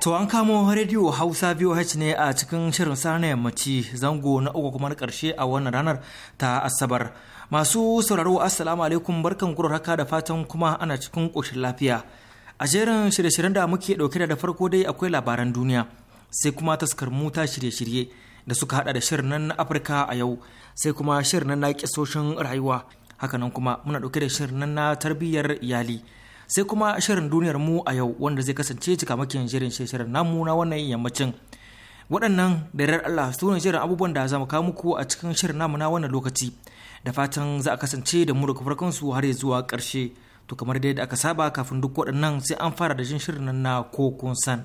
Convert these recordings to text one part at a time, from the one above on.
To an kamo rediyo Hausa VOH ne a cikin shirin sa na yammaci zango na uku kuma na ƙarshe a wannan ranar ta Asabar. Masu sauraro Assalamu alaikum barkan kurar haka da fatan kuma ana cikin ƙoshin lafiya. A jerin shirye-shiryen da muke ɗauke da farko dai akwai labaran duniya sai kuma taskar muta shirye-shirye da suka hada da shirin nan na Afirka a yau sai kuma shirin nan na ƙisoshin rayuwa hakanan kuma muna ɗauke da shirin nan na tarbiyyar iyali. sai kuma shirin duniyar mu a yau wanda zai kasance cikamakin shirin shirin namu na wannan yammacin waɗannan da yarar Allah su ne shirin abubuwan da za mu kawo muku a cikin shirin namu na wannan lokaci da fatan za a kasance da mu farkon su har zuwa karshe to kamar dai da aka saba kafin duk waɗannan sai an fara da jin shirin nan na ko kun san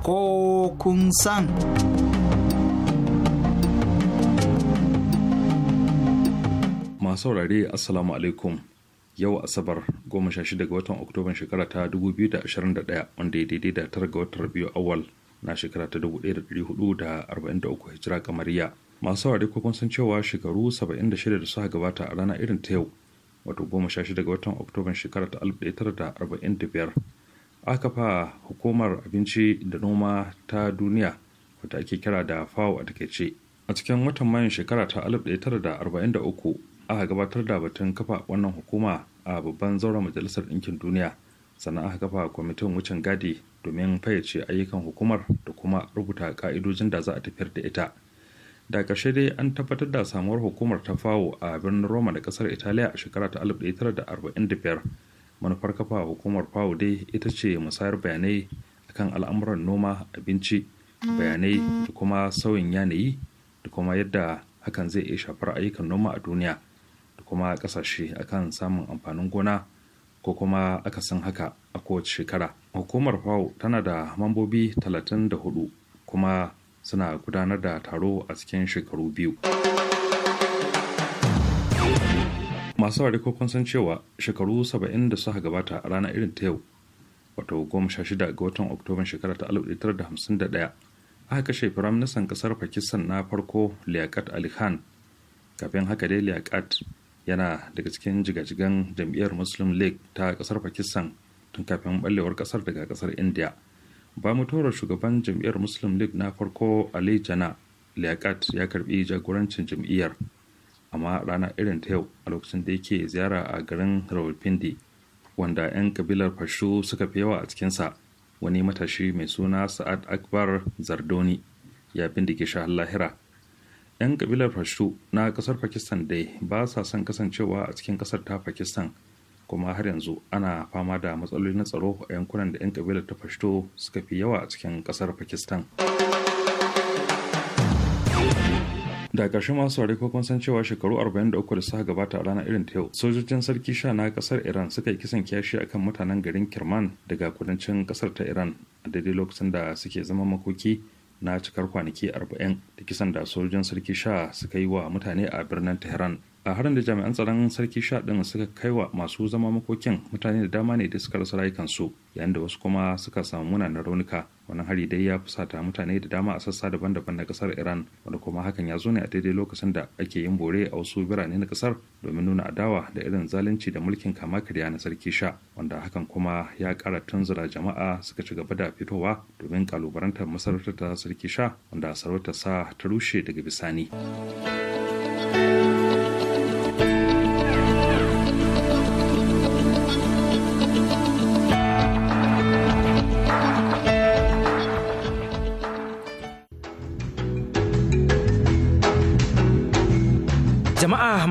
ko kun san masu saurare assalamu alaikum yau asabar 16 ga watan oktoban shekara ta 2021 wanda ya daidai da tara ga watan biyu awal na shekara ta 1443 hijira kamariya masu saurare ko kun san cewa shekaru 76 da suka gabata a rana irin ta yau wato 16 ga watan oktoban shekara ta 1945 aka fa hukumar abinci da noma ta duniya wata ake kira da fawo a takaice a cikin watan mayun shekara ta 1943 aka gabatar da batun kafa wannan hukuma a babban zauren majalisar ɗinkin duniya sannan aka kafa kwamitin wucin gadi domin fayyace ayyukan hukumar da kuma rubuta ka'idojin da za a tafiyar da ita da ƙarshe dai an tabbatar da samuwar hukumar ta fawo a birnin roma da ƙasar italiya a shekara ta 1945 manufar kafa hukumar fawo dai ita ce musayar bayanai akan al'amuran noma abinci bayanai da kuma sauyin yanayi da kuma yadda hakan zai iya shafar ayyukan noma a duniya kuma kasashe akan samun amfanin gona ko kuma aka san haka a kowace shekara hukumar fao tana da mambobi 34 kuma suna gudanar da taro a cikin shekaru biyu masu ware ko kun san cewa shekaru 70 da suka gabata a ranar irin ta yau wato 16 ga watan oktoban shekara ta 1951 aka kashe firaministan kasar pakistan na farko liaquat ali khan kafin haka dai liaquat yana daga cikin jigajigan jam'iyyar muslim league ta kasar pakistan tun kafin ballewar kasar daga kasar india ba mutuwar shugaban jam'iyyar muslim league na farko ali jana liaquat ya karbi jagorancin jam'iyyar amma rana irin ta yau a lokacin da yake ziyara a garin rawalpindi wanda 'yan kabilar fashu suka fi yawa a cikinsa wani matashi mai suna sa'ad akbar zardoni ya bindike shi lahira 'yan kabilar pashto na kasar pakistan dai ba sa son kasancewa a cikin kasar ta pakistan kuma har yanzu ana fama da matsaloli na tsaro a yankunan da 'yan kabilar ta pashto suka fi yawa a cikin kasar pakistan da ƙarshe masu ware kun san cewa shekaru 43 da suka gabata a ranar irin ta yau sojojin sarki sha na kasar iran suka yi kisan kiyashi akan mutanen garin kirman daga kudancin kasar ta iran a daidai lokacin da suke zama makoki na cikar kwanaki 40 da kisan da sojojin sarki sha suka yi wa mutane a birnin tehran a harin da jami'an tsaron sarki sha ɗin suka kai wa masu zama makokin mutane da dama ne da suka rasa rayukansu yayin da wasu kuma suka samu munanan raunuka wannan hari dai ya fusata mutane da dama a sassa daban-daban na kasar iran wanda kuma hakan ya zo ne a daidai lokacin da ake yin bore a wasu birane na kasar domin nuna adawa da irin zalunci da mulkin kama karya na sarki sha wanda hakan kuma ya kara tunzura jama'a suka ci gaba da fitowa domin kalubarantar masarautar ta sarki sha wanda sarautar sa ta rushe daga bisani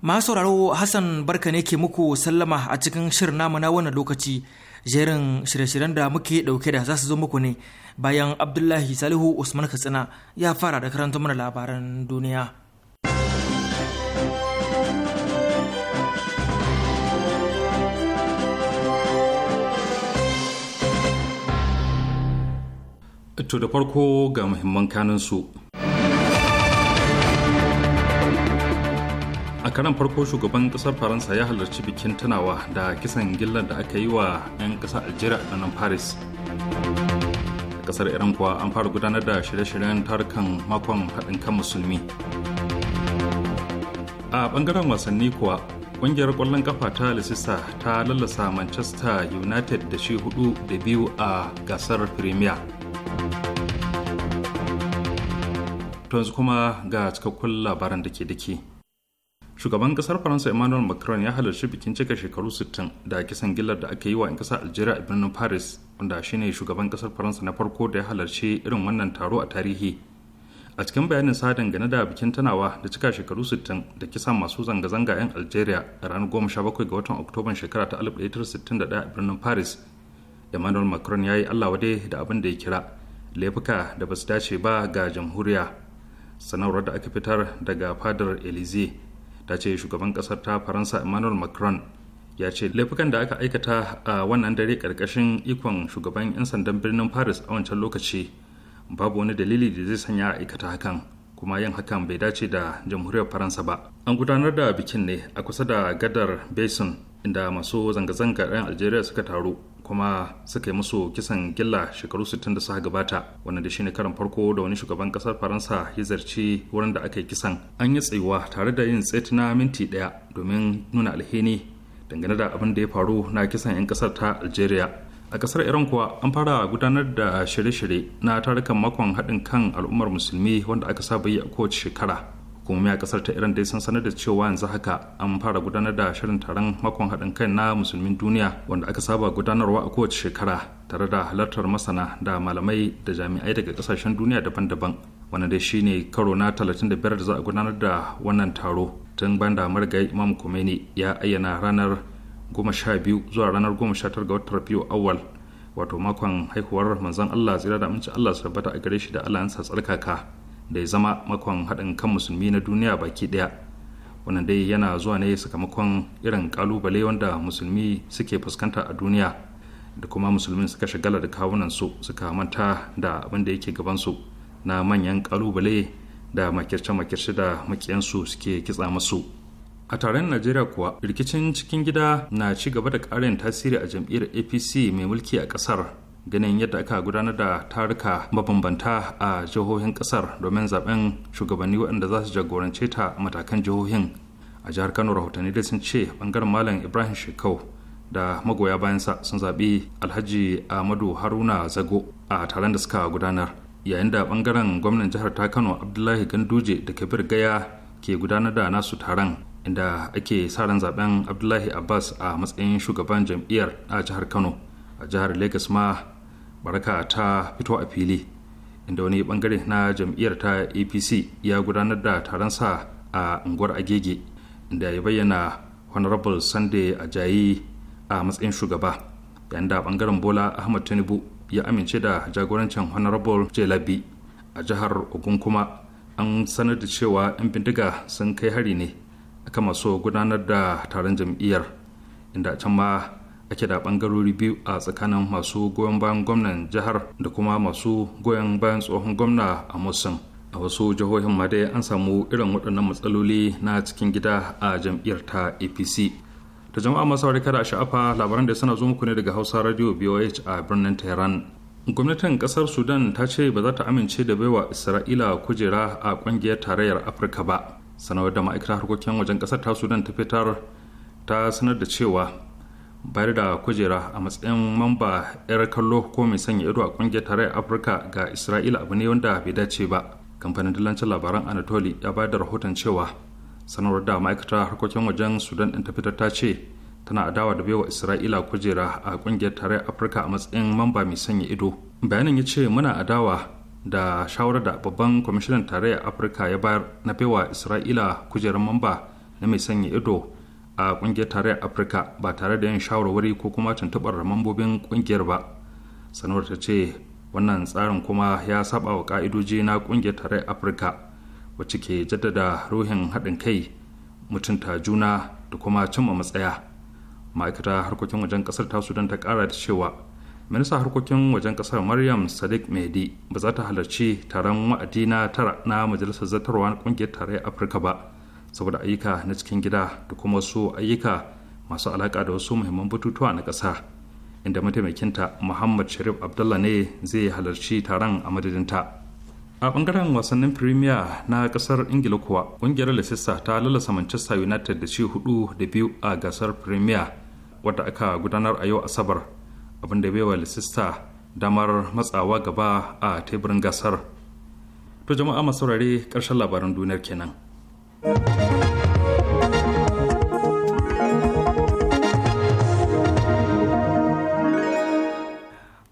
Masu sauraro Hassan barka ne ke muku sallama a cikin shirin namu na wannan lokaci jerin shirye-shiryen da muke dauke da za su zo muku ne bayan Abdullahi Salihu Usman Katsina ya fara da karanta mana labaran duniya. To da farko ga muhimman kanansu. a karan farko shugaban kasar faransa ya halarci bikin tunawa da kisan gillar da aka yi wa 'yan kasar algeria a nan paris a kasar iran kuwa an fara gudanar da shirye-shiryen tarukan makon haɗin kan musulmi a ɓangaren wasanni kuwa ƙungiyar ƙwallon kafa ta lisissa ta lalasa manchester united da shi hudu da biyu a gasar premier to yanzu kuma ga cikakkun labaran da ke dake shugaban kasar faransa emmanuel macron ya halarci bikin cika shekaru 60 da kisan gillar da aka yi wa 'yan kasar algeria a birnin paris wanda shine shugaban kasar faransa na farko da ya halarci irin wannan taro a tarihi a cikin bayanin sa dangane da bikin tanawa da cika shekaru 60 da kisan masu zanga-zanga 'yan algeria a ranar 17 ga watan oktoban shekara ta 1961 a birnin paris emmanuel macron ya yi allah wade da abin da ya kira laifuka da ba su dace ba ga jamhuriya sanarwar da aka fitar daga fadar elysee ta ce shugaban kasar ta faransa emmanuel macron ya ce laifukan da aka aikata a wannan dare karkashin ikon shugaban 'yan sandan birnin paris a wancan lokaci babu wani dalili da zai sanya a aikata hakan kuma yin hakan bai dace da jamhuriyar faransa ba an gudanar da bikin ne a kusa da gadar basin inda masu zanga-zanga 'yan algeria suka taru kuma suka yi musu kisan gilla shekaru 60 da suka gabata wannan da shine karan farko da wani shugaban kasar faransa ya zarci wurin da aka yi kisan an yi tsayuwa tare da yin tsit na minti daya domin nuna alheni dangane da abin da ya faru na kisan 'yan kasar ta algeria a kasar iran kuwa an fara gudanar da shirye-shirye na tarukan makon haɗin kan al'ummar musulmi wanda aka saba yi a kowace shekara hukumomi a kasar ta iran dai sun sanar da cewa yanzu haka an fara gudanar da shirin taron makon haɗin kai na musulmin duniya wanda aka saba gudanarwa a kowace shekara tare da halartar masana da malamai da jami'ai daga kasashen duniya daban-daban wani dai shine karo na 35 da za a gudanar da wannan taro tun bayan da marigayi imam khomeini ya ayyana ranar 12 zuwa ranar 19 ga watan biyu awal wato makon haihuwar manzon allah tsira da aminci allah su tabbata a gare shi da allah tsarkaka da ya zama makon haɗin kan musulmi na duniya baki ɗaya wannan dai yana zuwa ne sakamakon irin ƙalubale wanda musulmi suke fuskanta a duniya da kuma musulmin suka shagala da kawunansu suka manta da abin da yake gabansu na manyan ƙalubale da makirce-makirce da makiyansu suke kitsa masu a taron najeriya kuwa rikicin cikin gida na ci gaba da ƙarin tasiri a jam'iyyar apc mai mulki a ƙasar ganin yadda aka gudanar da taruka mabambanta a jihohin kasar domin zaben shugabanni waɗanda za su jagorance ta matakan jihohin a jihar kano rahotanni dai sun ce bangaren malam ibrahim shekau da magoya bayansa sun zaɓi alhaji ahmadu haruna zago a taron da suka gudanar yayin da bangaren gwamnan jihar ta kano abdullahi ganduje da kabir gaya ke gudanar da nasu taron inda ake sa ran zaben abdullahi abbas a matsayin shugaban jam'iyyar a jihar kano a jihar lagos ma baraka ta fito a fili inda wani bangare na jam'iyyar ta apc ya gudanar da taronsa a unguwar agege inda ya bayyana honorable sunday ajayi a matsayin shugaba yayin da bangaren bola ahmad tinubu ya amince da jagorancin honorable jelabi a jihar ogun kuma an sanar da cewa 'yan bindiga sun kai hari ne kama so gudanar da taron jam'iyyar inda can ma ake da bangarori biyu a tsakanin masu goyon bayan gwamnan jihar da kuma masu goyon bayan tsohon gwamna a musam a wasu jihohin ma dai an samu irin waɗannan matsaloli na cikin gida a jam'iyyar ta apc da jama'a masu kada a sha'afa labaran da suna zo muku ne daga hausa radio boh a birnin tehran gwamnatin kasar sudan ta ce ba za ta amince da baiwa isra'ila kujera a ƙungiyar tarayyar afirka ba sanarwar da ma'aikatar harkokin wajen kasar ta sudan ta fitar ta sanar da cewa bayar da kujera a matsayin mamba 'yar kallo ko mai sanya ido a kungiyar tarayyar afirka ga isra'ila abu ne wanda bai dace ba kamfanin dillancin labaran anatoli ya bayar da rahoton cewa sanarwar da ma'aikata harkokin wajen sudan ɗin ta fitar ta ce tana adawa da baiwa isra'ila kujera a kungiyar tarayyar afirka a matsayin mamba mai sanya ido bayanin ya ce muna adawa da shawarar da babban kwamishinan tarayyar afirka ya bayar na baiwa isra'ila kujerar mamba na mai sanya ido a kungiyar tarayyar afirka ba tare da yin shawarwari ko kuma tuntubar mambobin kungiyar ba sanuwar ta ce wannan tsarin kuma ya saba wa ka'idoji na kungiyar tarayyar afirka wacce ke jaddada ruhin haɗin kai mutunta juna da kuma cimma matsaya ma'aikata harkokin wajen kasar ta sudan ta kara da cewa minista harkokin wajen kasar maryam sadiq mehdi ba za ta halarci taron wa'adi na tara na majalisar zartarwa na kungiyar tarayyar afirka ba saboda ayyuka na cikin gida da kuma wasu ayyuka masu alaƙa da wasu muhimman batutuwa na ƙasa inda mataimakinta muhammad sharif abdullah ne zai halarci taron a madadinta a bangaren wasannin premier na kasar ingila kuwa ƙungiyar leicester ta lalasa manchester united da ci hudu da biyu a gasar premier wadda aka gudanar a yau asabar abinda wa leicester damar matsawa gaba a teburin gasar to jama'a masaurare ƙarshen labaran duniyar kenan To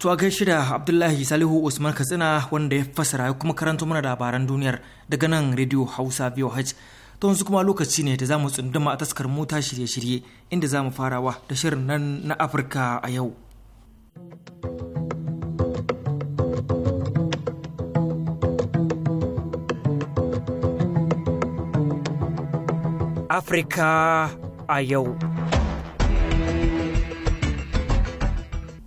a shida Abdullahi Salihu Usman Katsina wanda ya fasara ya kuma karanta mana labaran duniyar daga nan Radio Hausa VOH. ta wasu kuma lokaci ne da za mu tsunduma a taskar mota shirye-shirye inda za mu farawa da shirin nan na Afirka a yau. Afirka a yau.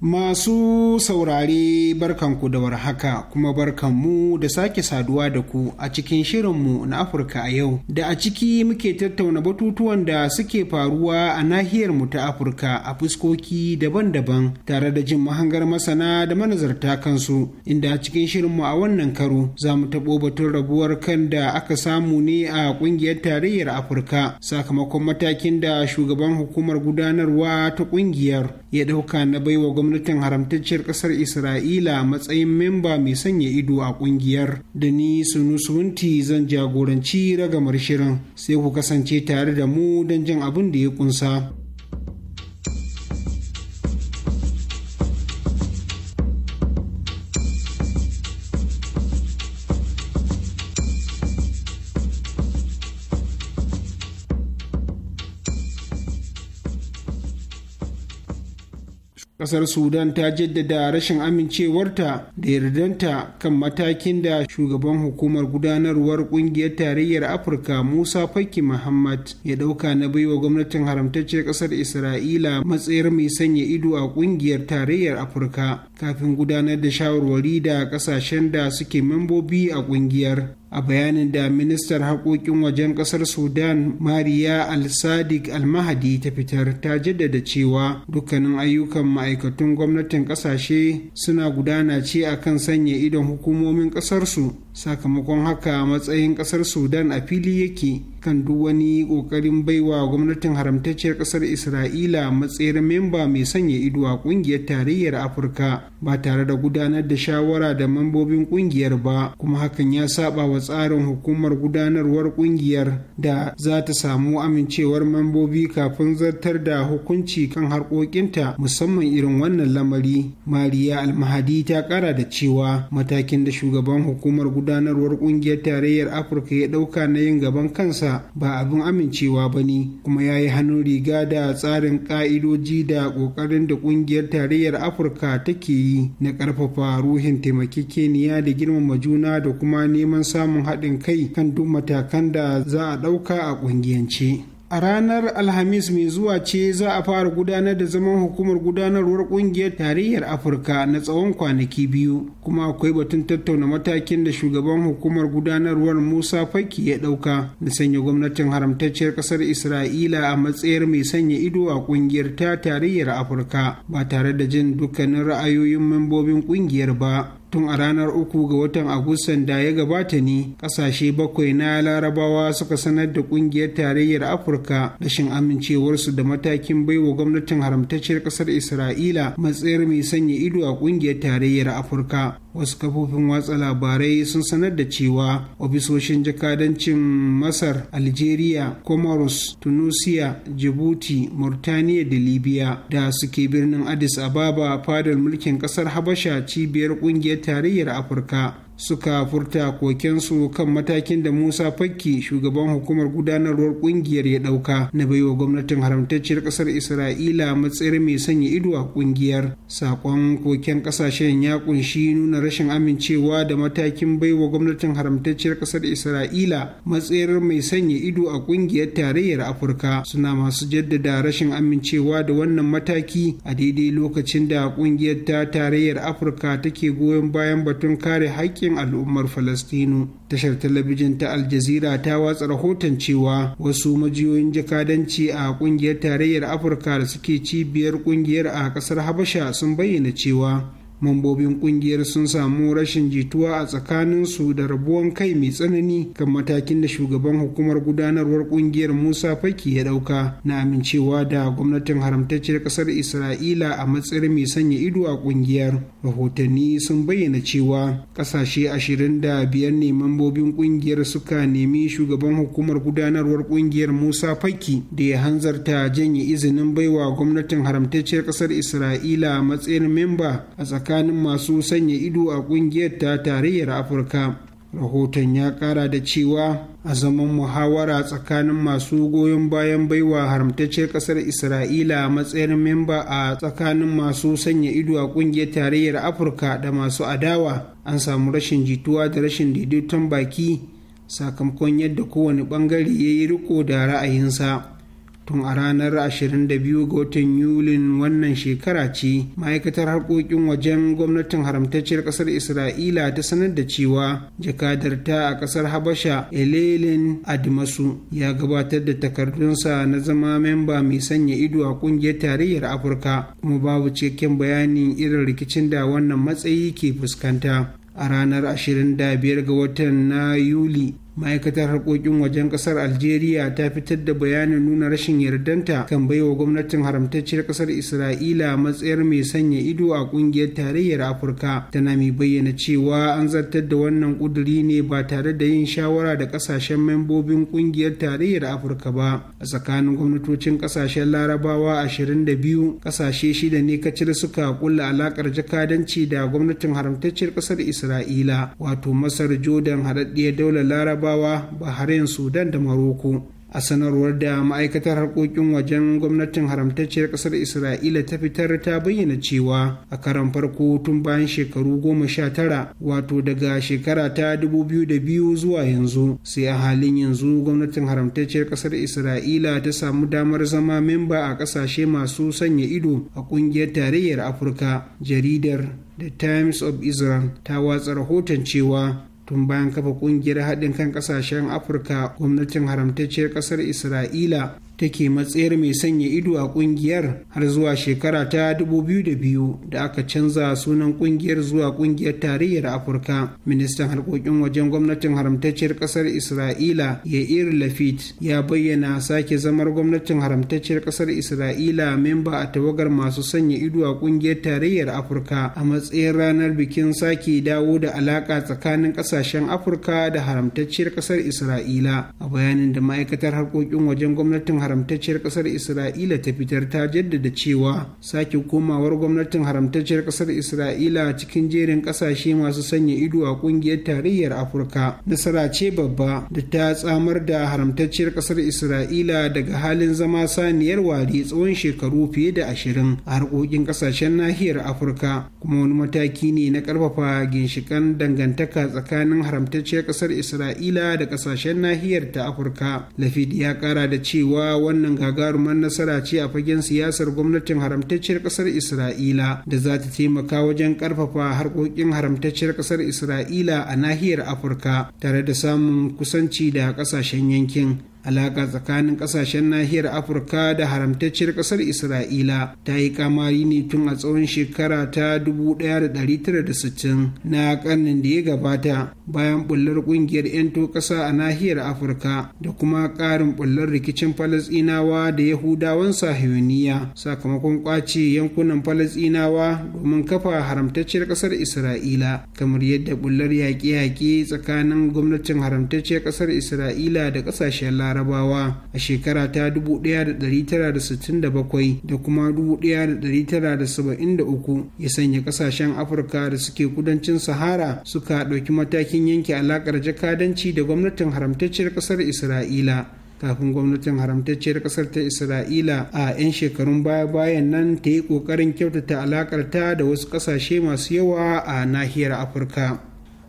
Masu saurare barkanku da warhaka kuma barkanmu da sake saduwa da ku a cikin shirinmu na Afirka a yau da a ciki muke tattauna batutuwan da suke faruwa a nahiyar mu ta Afirka a fuskoki daban-daban tare da jin mahangar masana da manazarta kansu inda a cikin shirinmu a wannan karo za mu taɓo batun rabuwar kan da aka samu ne a ƙungiyar tarayyar Afirka sakamakon matakin da shugaban hukumar gudanarwa ta ƙungiyar ya ɗauka na baiwa gwamnati gwamnatin haramtacciyar ƙasar isra'ila matsayin memba mai sanya ido a ƙungiyar da ni sunusunti zan jagoranci ragamar shirin sai ku kasance tare da mu don jin abin da ya kunsa. kasar sudan ta jaddada rashin amincewarta da yardanta kan matakin da shugaban hukumar gudanarwar kungiyar tarayyar afirka musa faki muhammad ya dauka na baiwa gwamnatin haramtacciyar kasar isra'ila matsayar mai sanya ido a kungiyar tarayyar afirka kafin gudanar da shawarwari da kasashen da suke membobi a kungiyar a bayanin da ministar haƙoƙin wajen ƙasar sudan mariya al-sadiq al-mahadi ta fitar ta jaddada cewa dukkanin ayyukan ma'aikatun gwamnatin ƙasashe suna gudana ce akan sanya idon hukumomin ƙasarsu sakamakon haka matsayin kasar sudan a fili yake kan duk wani kokarin baiwa gwamnatin haramtacciyar kasar isra'ila matsayin memba mai sanya ido a kungiyar tarayyar afirka ba tare da gudanar da shawara da mambobin kungiyar ba kuma hakan ya saba wa tsarin hukumar gudanarwar kungiyar da za ta samu amincewar mambobi kafin zartar da hukunci kan harkokinta musamman irin wannan lamari mariya almahadi ta kara da cewa matakin da shugaban hukumar gudanarwar kungiyar tarayyar afirka ya dauka na yin gaban kansa ba abin amincewa ba ne kuma ya yi hannun riga da tsarin ka'idoji da kokarin da kungiyar tarayyar afirka take yi na karfafa ruhin keniya da girmama juna da kuma neman samun haɗin kai kan duk matakan da za a dauka a kungiyance a ranar alhamis mai zuwa ce za a fara gudanar da zaman hukumar gudanarwar kungiyar tarayyar afirka na tsawon kwanaki biyu kuma akwai batun tattauna matakin da shugaban hukumar gudanarwar musa faki ya dauka na sanya gwamnatin haramtacciyar kasar isra'ila a matsayar mai sanya ido a kungiyar ta tarayyar afirka ba tare da jin dukkanin ra'ayoyin membobin kungiyar ba tun a ranar uku ga watan agustan da ya gabata ne kasashe bakwai na larabawa suka sanar da kungiyar tarayyar afirka rashin amincewarsu da matakin baiwa gwamnatin haramtacciyar kasar isra'ila matsayar mai sanya ido a kungiyar tarayyar afirka wasu kafofin watsa labarai sun sanar da cewa ofisoshin jakadancin masar algeria comoros tunisia djibouti murtaniya da libya da suke birnin addis ababa fadar mulkin kasar habasha cibiyar kungiyar tarayyar afirka suka furta kokensu kan matakin da Musa Fakki shugaban hukumar gudanarwar kungiyar ya dauka na baiwa gwamnatin haramtacciyar kasar Isra'ila matsayar mai sanya ido a kungiyar sakon koken kasashen ya kunshi nuna rashin amincewa da matakin baiwa gwamnatin haramtacciyar kasar Isra'ila matsayar mai sanya ido a kungiyar tarayyar Afirka suna masu jaddada rashin amincewa da wannan mataki a daidai lokacin da kungiyar ta tarayyar Afirka take goyon bayan batun kare haƙƙin cikin al'ummar falastinu tashar talabijin ta aljazira ta watsa rahoton cewa wasu majiyoyin jakadanci a ƙungiyar tarayyar afirka da suke cibiyar ƙungiyar a ƙasar habasha sun bayyana cewa mambobin kungiyar sun samu rashin jituwa a tsakanin su da rabuwan kai mai tsanani kan matakin da shugaban hukumar gudanarwar kungiyar musa faki ya dauka na amincewa da gwamnatin haramtacciyar kasar isra'ila a matsayin mai sanya ido a kungiyar rahotanni sun bayyana cewa kasashe ashirin da biyar ne mambobin kungiyar suka nemi shugaban hukumar gudanarwar kungiyar musa faki da ya hanzarta janye izinin baiwa gwamnatin haramtacciyar kasar isra'ila a matsayin memba a tsakanin tsakanin masu sanya ido a kungiyar ta tarayyar afirka rahoton ya kara da cewa a zaman muhawara tsakanin masu goyon bayan baiwa haramtacciyar kasar isra'ila a matsayin memba a tsakanin masu sanya ido a kungiyar tarayyar afirka da masu adawa an samu rashin jituwa da rashin daidaiton baki sakamakon yadda kowane bangare ya yi riko da ra'ayinsa tun a ranar 22 ga watan yulin wannan shekara ce ma'aikatar harkokin wajen gwamnatin haramtacciyar kasar isra'ila ta sanar da cewa jakadarta a kasar habasha elelin admasu ya gabatar da takardunsa na zama memba mai sanya ido a kungiyar tarayyar afirka kuma babu cikakken bayanin irin rikicin da wannan matsayi ke fuskanta a ranar 25 ga watan na yuli ma'aikatar harkokin wajen kasar algeria ta fitar da bayanin nuna rashin yardanta kan baiwa gwamnatin haramtacciyar kasar isra'ila matsayar mai sanya ido a kungiyar tarayyar afirka tana mai bayyana cewa an zartar da wannan kuduri ne ba tare da yin shawara da kasashen membobin kungiyar tarayyar afirka ba a tsakanin gwamnatocin kasashen larabawa 22 kasashe shida ne kacal suka kulla alakar jakadanci da gwamnatin haramtacciyar kasar isra'ila wato masar jordan haɗaɗɗiyar daular laraba. larabawa bahrain sudan da maroko a sanarwar da ma'aikatar harkokin wajen gwamnatin haramtacciyar kasar isra'ila ta fitar ta bayyana cewa a karan farko tun bayan shekaru goma sha tara wato daga shekara ta dubu biyu da biyu zuwa yanzu sai a halin yanzu gwamnatin haramtacciyar kasar isra'ila ta samu damar zama memba a kasashe masu sanya ido a kungiyar tarayyar afirka jaridar The Times of Israel ta watsa rahoton cewa tun bayan kafa kungiyar haɗin kan ƙasashen afirka gwamnatin haramtacciyar ƙasar isra'ila take matsayar mai sanya ido a kungiyar har zuwa shekara ta 2002 da aka canza sunan kungiyar zuwa kungiyar tarayyar afirka ministan harkokin wajen gwamnatin haramtacciyar kasar isra'ila yair lafit ya bayyana sake zamar gwamnatin haramtacciyar kasar isra'ila memba a tawagar masu sanya ido a kungiyar tarayyar afirka a matsayin ranar bikin sake dawo da alaka tsakanin kasashen afirka da haramtacciyar kasar isra'ila a bayanin da ma'aikatar harkokin wajen gwamnatin haramtacciyar kasar isra'ila ta fitar ta jaddada cewa sake komawar gwamnatin haramtacciyar kasar isra'ila cikin jerin kasashe masu sanya ido a kungiyar tarayyar afirka nasara ce babba da ta tsamar da haramtacciyar kasar isra'ila daga halin zama saniyar ware tsawon shekaru fiye da ashirin a harkokin kasashen nahiyar afirka kuma wani mataki ne na karfafa ginshikan dangantaka tsakanin haramtacciyar kasar isra'ila da kasashen nahiyar ta afirka lafid ya kara da cewa wannan gagarumar nasara ce a fagen siyasar gwamnatin haramtacciyar kasar isra'ila da za ta taimaka wajen karfafa harkokin haramtacciyar kasar isra'ila a nahiyar afirka tare da samun kusanci da kasashen yankin alaka tsakanin kasashen nahiyar afirka da haramtacciyar kasar isra'ila ta yi kamari ne tun a tsawon shekara ta 1960 na karnin da ya gabata bayan bullar kungiyar 'yan kasa a nahiyar afirka da kuma karin bullar rikicin falasinawa da yahudawan sahiyoniya sakamakon kwace yankunan falasinawa domin kafa haramtacciyar kasar isra'ila kamar yadda bullar yaƙe-yaƙe tsakanin gwamnatin haramtacciyar kasar isra'ila da kasashen larabawa a shekara ta 1967 da kuma 1973 ya sanya kasashen afirka da suke kudancin sahara suka ɗauki matakin yanke alaƙar jakadanci da gwamnatin haramtacciyar ƙasar isra'ila kafin gwamnatin haramtacciyar kasar ta isra'ila a 'yan shekarun baya-bayan nan ta yi ƙoƙarin kyautata ta da wasu ƙasashe masu yawa a nahiyar afirka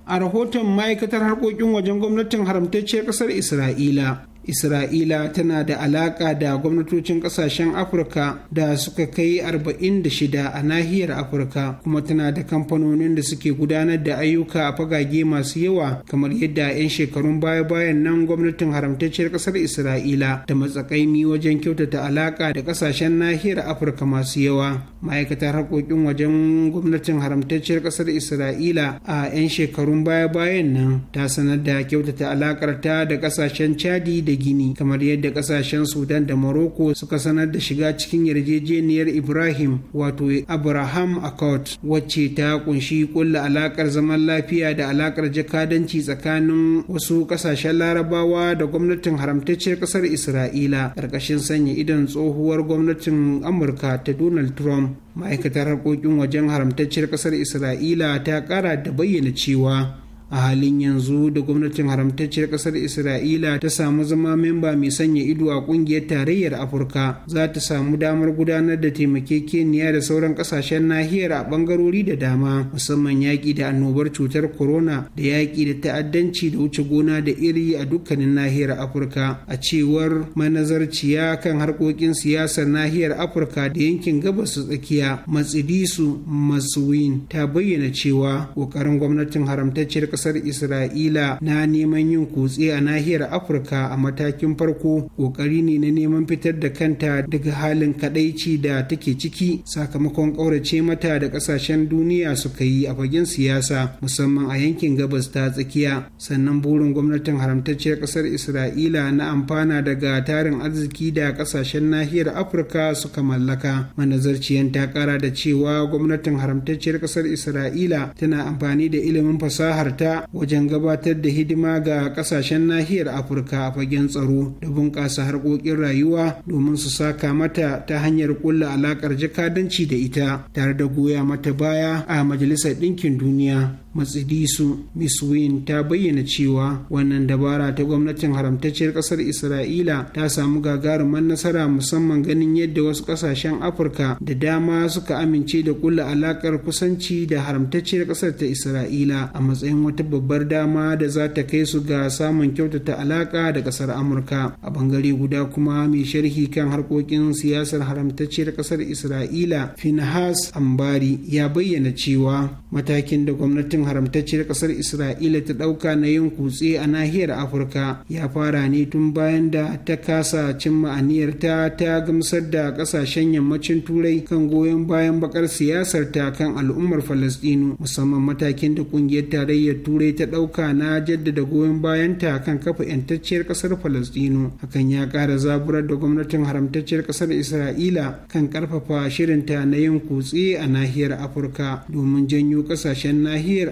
a rahoton ma'aikatar harkokin wajen gwamnatin haramtacciyar kasar isra'ila isra'ila tana da alaƙa da gwamnatocin ƙasashen afirka da suka kai 46 a nahiyar afirka kuma tana da kamfanonin da suke gudanar da ayyuka a fagage masu yawa kamar yadda 'yan shekarun baya-bayan nan gwamnatin haramtacciyar ƙasar isra'ila da matsakaimi wajen kyautata alaƙa da ƙasashen nahiyar afirka masu yawa ma'aikatar harkokin wajen gwamnatin haramtacciyar ƙasar isra'ila a 'yan shekarun baya-bayan nan ta sanar da kyautata alakar ta da ƙasashen chadi da da gini kamar yadda kasashen sudan da morocco suka sanar da shiga cikin yarjejeniyar ibrahim wato abraham accord wacce ta kunshi kulla alakar zaman lafiya da alakar jakadanci tsakanin wasu kasashen larabawa da gwamnatin haramtacciyar kasar isra'ila ƙarƙashin sanya idon tsohuwar gwamnatin amurka ta donald trump ma'aikatar harkokin wajen haramtacciyar kasar isra'ila ta ƙara da bayyana cewa a halin yanzu da gwamnatin haramtacciyar kasar isra'ila ta samu zama memba mai sanya ido a kungiyar tarayyar afirka za ta samu damar gudanar da taimakekeniya da sauran kasashen nahiyar a bangarori da dama musamman yaƙi da annobar cutar corona da yaƙi da ta'addanci da wuce gona da iri a dukkanin nahiyar afirka a cewar manazarciya kan harkokin siyasar nahiyar afirka da yankin gabas tsakiya matsidisu masuwin ta bayyana cewa ƙoƙarin gwamnatin haramtacciyar Kasar isra'ila na neman yin kutse a nahiyar afirka a matakin farko ƙoƙari ne na neman fitar da kanta daga halin kadaici da take ciki sakamakon ƙaurace mata da ƙasashen duniya suka yi a fagen siyasa musamman a yankin gabas ta tsakiya sannan burin gwamnatin haramtacciyar ƙasar isra'ila na amfana daga tarin arziki da ƙasashen nahiyar afirka suka mallaka Manazarciyar ta ƙara da cewa gwamnatin haramtacciyar ƙasar isra'ila tana amfani da ilimin fasahar ta wajen gabatar da hidima ga kasashen nahiyar afirka a fagen tsaro da bunƙasa harkokin rayuwa domin su saka mata ta hanyar ƙulla alaƙar jakadanci da ita tare da goya mata baya a majalisar ɗinkin duniya matsidisu miswin ta bayyana cewa wannan dabara ta gwamnatin haramtacciyar kasar isra'ila ta samu gagarumar nasara musamman ganin yadda wasu kasashen afirka da dama suka amince da kula alakar kusanci da haramtacciyar kasar ta isra'ila a matsayin wata babbar dama da za ta kai su ga samun kyautata alaka da kasar amurka a bangare guda kuma mai sharhi kan harkokin siyasar haramtacciyar kasar isra'ila finhas ambari ya bayyana cewa matakin da gwamnatin gwamnatin haramtacciyar kasar isra'ila ta dauka na yin kutse a nahiyar afirka ya fara ne tun bayan da ta kasa cin ma'aniyarta ta gamsar da kasashen yammacin turai kan goyon bayan bakar siyasar ta kan al'ummar falastinu musamman matakin da kungiyar tarayyar turai ta dauka na jaddada goyon bayan ta kan kafa 'yantacciyar kasar falastinu hakan ya kara zaburar da gwamnatin haramtacciyar kasar isra'ila kan karfafa shirinta na yin kutse a nahiyar afirka domin janyo kasashen nahiyar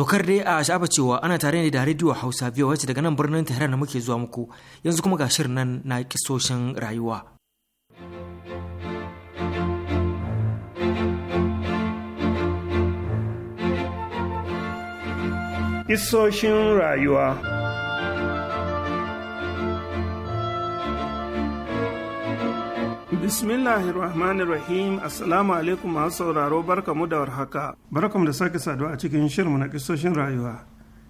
To kar dai a shafa cewa ana tare ne da rediyo Hausa biyu wacce daga nan birnin Tehran muke zuwa muku yanzu kuma ga shirin nan na kisoshin rayuwa. Kisoshin rayuwa bismillahir rahmanir rahim assalamu alaikum masu sauraro barkamu da warhaka barkamu da sake saduwa a cikin shirmu na kisoshin rayuwa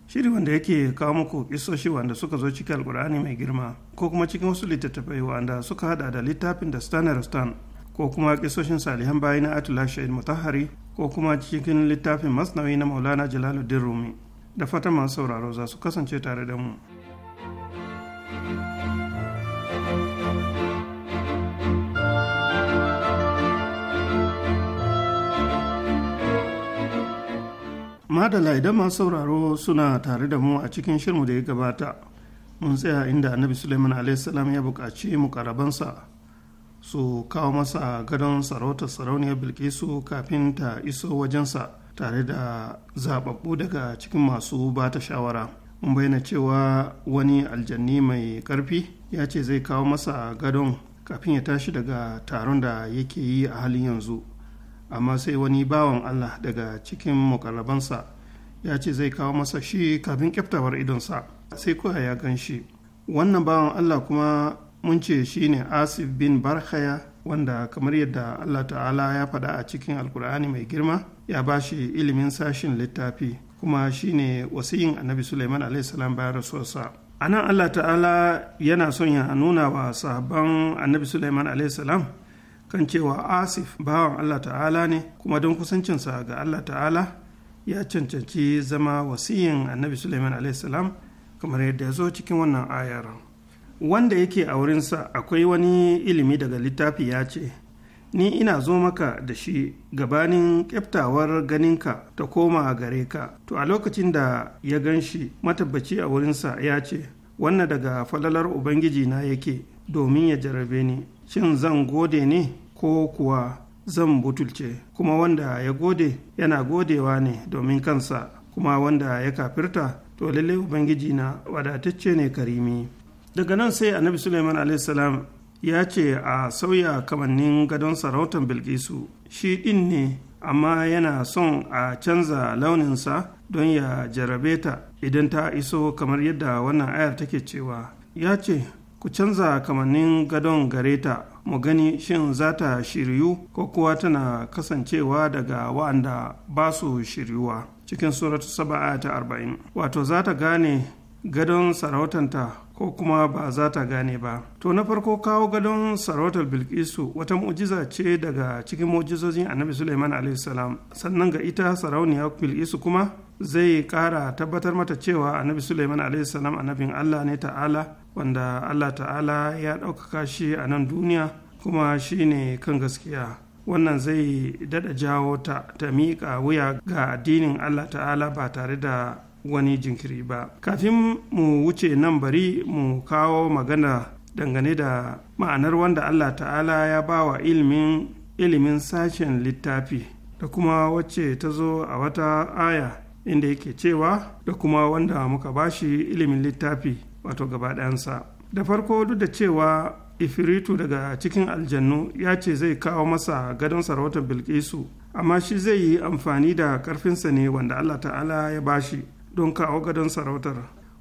shiri wanda yake kawo muku kisoshi wanda suka zo cikin alkur'ani mai girma ko kuma cikin wasu littattafai wanda suka hada da littafin da stan stan ko kuma kisoshin salihan bayi na atula shahid mutahari ko kuma cikin littafin masnawi na maulana jalaluddin rumi da fatan masu sauraro za su kasance tare da mu madala idan masu sauraro suna tare da mu a cikin shirmu da ya gabata mun tsaya inda annabi suleiman salam ya buƙaci mukarabansa su kawo masa gadon sarauta sarauniyar bilkisu kafin ta iso wajensa tare da zaɓaɓɓu daga cikin masu ba ta shawara mun bayyana cewa wani aljanni mai ƙarfi ya ce zai kawo masa gadon kafin ya tashi daga taron da yake yi a halin yanzu amma sai wani bawan allah daga cikin mukarrabansa ya ce zai kawo masa shi kafin kyaftawar idonsa sai kuwa ya gan shi wannan bawan allah kuma mun ce shi ne asif bin barhaya wanda kamar yadda allah ta'ala ya faɗa a cikin alkur'ani mai girma ya ba shi ilimin sashin littafi kuma shi ne wasiyin annabi suleiman a.s. bayan rasuwarsa a nan allah ta'ala yana son ya nuna wa sahabban annabi suleiman a.s. kan cewa asif bawan allah ta'ala ne kuma don kusancinsa ga allah ta'ala ya cancanci zama wasiyin annabi suleiman salam kamar yadda ya zo cikin wannan ayar wanda yake a wurinsa akwai wani ilimi daga littafi ya ce ni ina zo maka da shi gabanin kyaftawar ganinka ta koma gare ka to a lokacin da ya gan shi matabbaci a wurinsa ya ce wannan daga falalar ubangiji na yake domin ya jarabe ni shin zan gode ne ko kuwa zan butulce kuma wanda ya gode yana godewa ne domin kansa kuma wanda ya kafirta to lalle ubangiji na wadatacce ne karimi daga nan sai annabi suleiman alaihissalam ya ce a sauya kamannin gadon sarautar bilkisu shi din ne amma yana son a canza launinsa don ya jarabe ta idan ta iso kamar yadda wannan ayar take cewa ya ce ku canza kamannin gadon gare ta mu gani shin za ta shiryu ko kuwa tana kasancewa daga wa'anda ba su shiryuwa cikin suratu saba'a ta arba'in wato za ta gane gadon sarautanta ko kuma ba za ta gane ba to na farko kawo gadon sarautar bilkisu wata mu'jiza ce daga cikin mu'jizozin annabi suleiman alaihissalam sannan ga ita sarauniya bilkisu kuma zai kara tabbatar mata cewa annabi suleiman alaihissalam annabin allah ne ta'ala wanda allah ta'ala ya ɗaukaka shi a nan duniya kuma shi ne kan gaskiya wannan zai daɗa jawo ta ta miƙa wuya ga addinin allah ta'ala ba tare da wani jinkiri ba kafin mu wuce nan bari mu kawo magana dangane da ma'anar wanda allah ta'ala ya ba wa ilimin ilimin sashen littafi da kuma wacce ta zo a wata aya inda yake cewa da kuma wanda muka bashi ilimin littafi wato gaba da farko duk da cewa ifiritu daga cikin aljannu ya ce zai kawo masa gadon sarautar bilkisu amma shi zai yi amfani da ƙarfinsa ne wanda allah ta'ala ya bashi don kawo gadon sarautar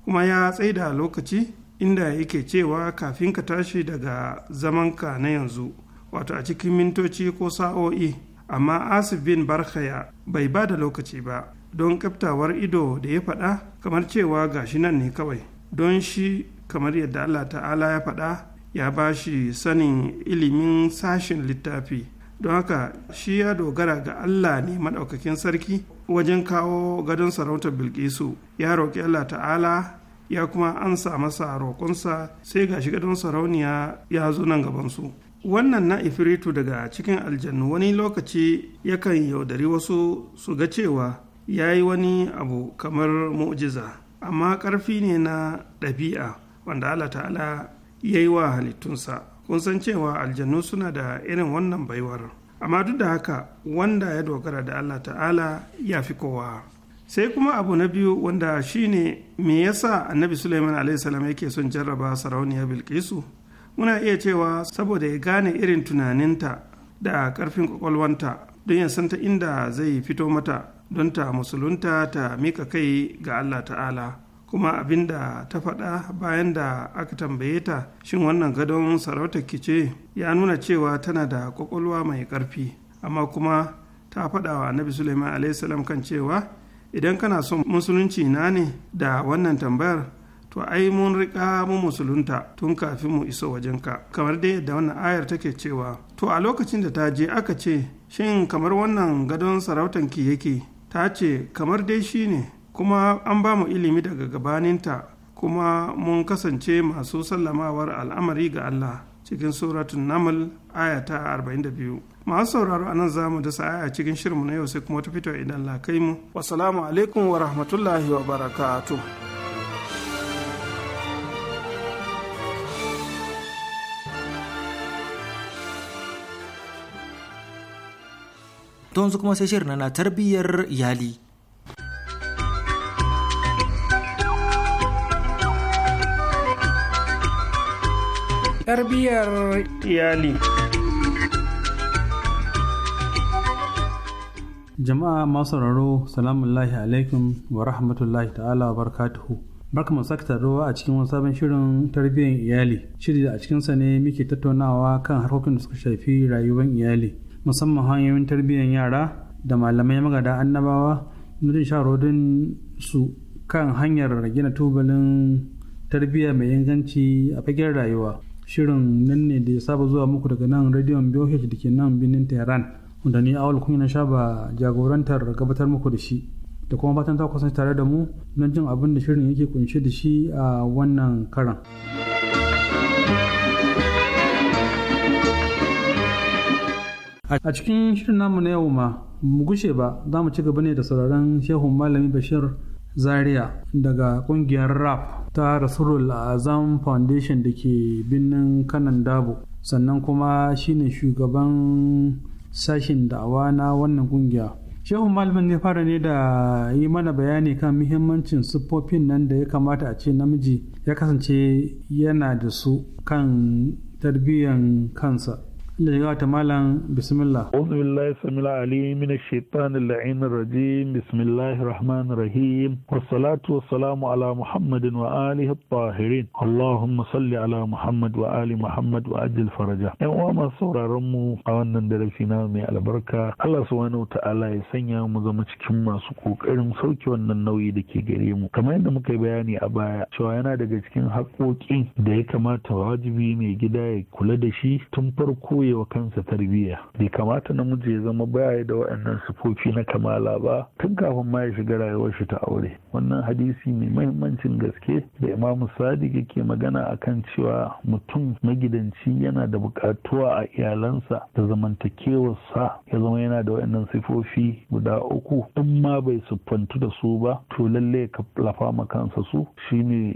kuma ya tsaida lokaci inda yake cewa kafin ka tashi daga zamanka na yanzu wato a cikin mintoci ko sa'o'i amma asif bin barkhaya bai ba da lokaci ba don kaftawar ido da ya faɗa kamar cewa gashi nan ne kawai don shi kamar yadda Allah ta'ala ya faɗa ya ba shi sanin ilimin sashen littafi don haka shi ya dogara ga Allah ne maɗaukakin sarki wajen kawo gadon sarautar bilkisu ya roƙi Allah ta'ala ya kuma ansa masa roƙonsa sai ga shi gadon sarauniya ya zo nan gabansu wannan na ifiritu daga cikin aljannu wani lokaci yakan yaudari wasu su ga cewa ya yi wani abu kamar mu'jiza amma ƙarfi ne na ɗabi'a wanda allah ta'ala ya yi wa halittunsa kun san cewa aljannu suna da irin wannan baiwar amma duk da haka wanda ya dogara da allah ta'ala ya fi kowa sai kuma abu na biyu wanda shine me yasa annabi suleiman alaihissalam yake son jarraba sarauniya bilkisu muna iya cewa saboda ya gane irin tunaninta da ƙarfin ƙwaƙwalwanta don ya santa inda zai fito mata don ta musulunta ta mika kai ga Allah ta'ala kuma abin da ta faɗa bayan da aka tambaye ta shin wannan gadon sarauta ki ce ya nuna cewa tana da ƙwaƙwalwa mai ƙarfi amma kuma ta faɗa wa annabi suleiman alaihissalam kan cewa idan kana son musulunci na ne da wannan tambayar to ai mun riƙa mu musulunta tun kafin mu iso wajenka kamar dai yadda wannan ayar take cewa to a lokacin da ta je aka ce shin kamar wannan gadon sarautanki yake ta ce kamar dai shi ne kuma an ba mu ilimi daga gabaninta kuma mun kasance masu sallamawar al'amari ga Allah cikin suratun namal aya ta 42 masu sauraro a nan zamu da aya cikin shirinmu na yau sai kuma ta fito idan la kai mu wasalamu alaikum wa rahmatullahi wa barakatuh tun su kuma sai shirin na tarbiyyar iyali tarbiyyar iyali jama'a masu sauraro alaikum wa rahmatullahi ta'ala wa barakatuhu barka mu saka taruwa a cikin wani sabon shirin tarbiyyar iyali shiri da a cikinsa ne muke tattaunawa kan harkokin da suka shafi rayuwar iyali musamman hanyoyin tarbiyyar yara da malamai magada annabawa na nudin sharodin su kan hanyar gina tubalin tarbiyya mai inganci a fagen rayuwa shirin nan ne da ya saba zuwa muku daga nan rediyon BOH da ke nan birnin Tehran wanda ni awal kun na shaba jagorantar gabatar muku da shi da kuma fatan ta kusanci tare da mu don jin abin da shirin yake kunshi da shi a wannan karan. a cikin shirin namu na yau ma mu gushe ba za mu ci gaba ne da sauraron shehun malami bashir zaria daga kungiyar rap ta rasulul azam foundation da ke birnin kanan dabo sannan kuma shine shugaban sashin da'awa na wannan kungiya shehun malamin ya fara ne da yi mana bayani kan muhimmancin siffofin nan da ya kamata a ce namiji ya kasance yana da su kan tarbiyyar kansa Allah ya malam rahim. Wassalatu wassalamu ala Muhammadin wa alihi at-tahirin. Allahumma ala Muhammad wa ali Muhammad wa ajil faraja. Yan uwa masu sauraron mu a wannan darasi na mai albarka. Allah subhanahu ta'ala ya sanya mu zama cikin masu kokarin sauke wannan nauyi da ke gare mu. Kamar yadda muka yi bayani a baya cewa yana daga cikin haƙoƙin da ya kamata wajibi mai gida ya kula da shi tun farko ya bai wa kansa tarbiyya bai kamata namiji ya zama baya da waɗannan sufofi na kamala ba tun kafin ma ya shiga rayuwar shi ta aure wannan hadisi mai mahimmancin gaske da imamu sadiq yake magana akan cewa mutum magidanci yana da buƙatuwa a iyalansa da zamantakewarsa ya zama yana da waɗannan sifofi guda uku in ma bai siffantu da su ba to lallai ka lafa ma kansa su shine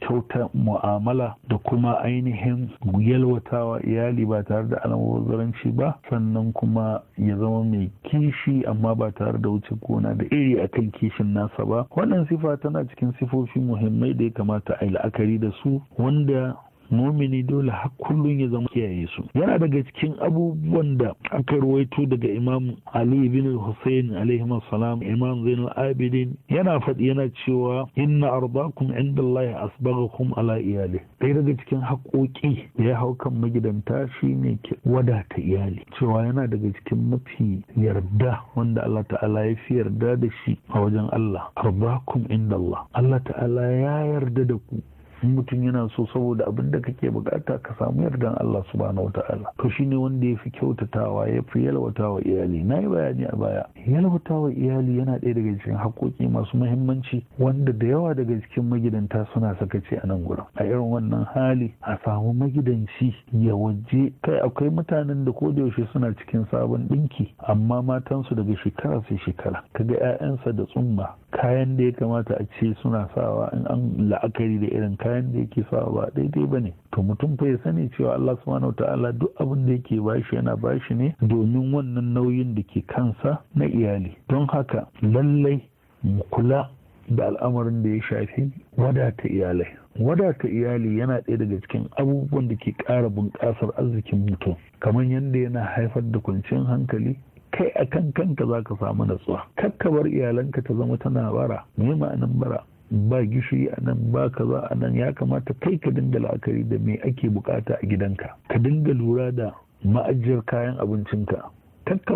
kyauta mu'amala da kuma ainihin yalwatawa iyali ba tare da na mabazaranci ba sannan kuma ya zama mai kishi amma ba tare da wuce gona da iri akan kishin nasa ba wannan sifa tana cikin sifofi muhimmai da ya kamata a yi la'akari da su wanda mumini dole har kullum ya zama kiyaye su yana daga cikin abubuwan da aka ruwaito daga imam ali bin hussein alaihi salam imam zainul abidin yana faɗi yana cewa inna ardakum inda allah asbaghakum ala iyali ɗaya daga cikin haƙoƙi da ya hau kan magidanta shine wadata iyali cewa yana daga cikin mafi yarda wanda allah ta'ala ya fi yarda da shi a wajen allah ardakum inda allah allah ta'ala ya yarda da ku in mutum yana so saboda abin da kake bukata ka samu yardan Allah subhanahu wataala to shine wanda ya fi kyautatawa ya fi yalwatawa iyali na yi bayani a baya yalwatawa iyali yana ɗaya daga cikin haƙoƙi masu muhimmanci wanda da yawa daga cikin magidanta suna sakaci a nan gurin a irin wannan hali a samu magidanci ya waje kai akwai mutanen da ko da yaushe suna cikin sabon ɗinki amma matansu daga shekara sai shekara kaga 'ya'yansa da tsumma kayan da ya kamata a ce suna sawa in an la'akari da irin kayan da yake sawa ba daidai ba ne to mutum fa ya sani cewa Allah subhanahu ta'ala duk abin da yake bashi yana bashi ne domin wannan nauyin da ke kansa na iyali don haka lallai mu kula da al'amarin da ya shafi wadata iyalai wadata iyali yana ɗaya daga cikin abubuwan da ke ƙara bunƙasar arzikin mutum kamar yadda yana haifar da kwanciyar hankali kai a kan kanka za ka samu natsuwa bar iyalanka ta zama tana bara mai ma'anin bara ba gishiri a nan ba kaza a nan ya kamata kai ka dinga la'akari da me ake bukata a gidanka ka dinga lura da ma'ajiyar kayan abincinka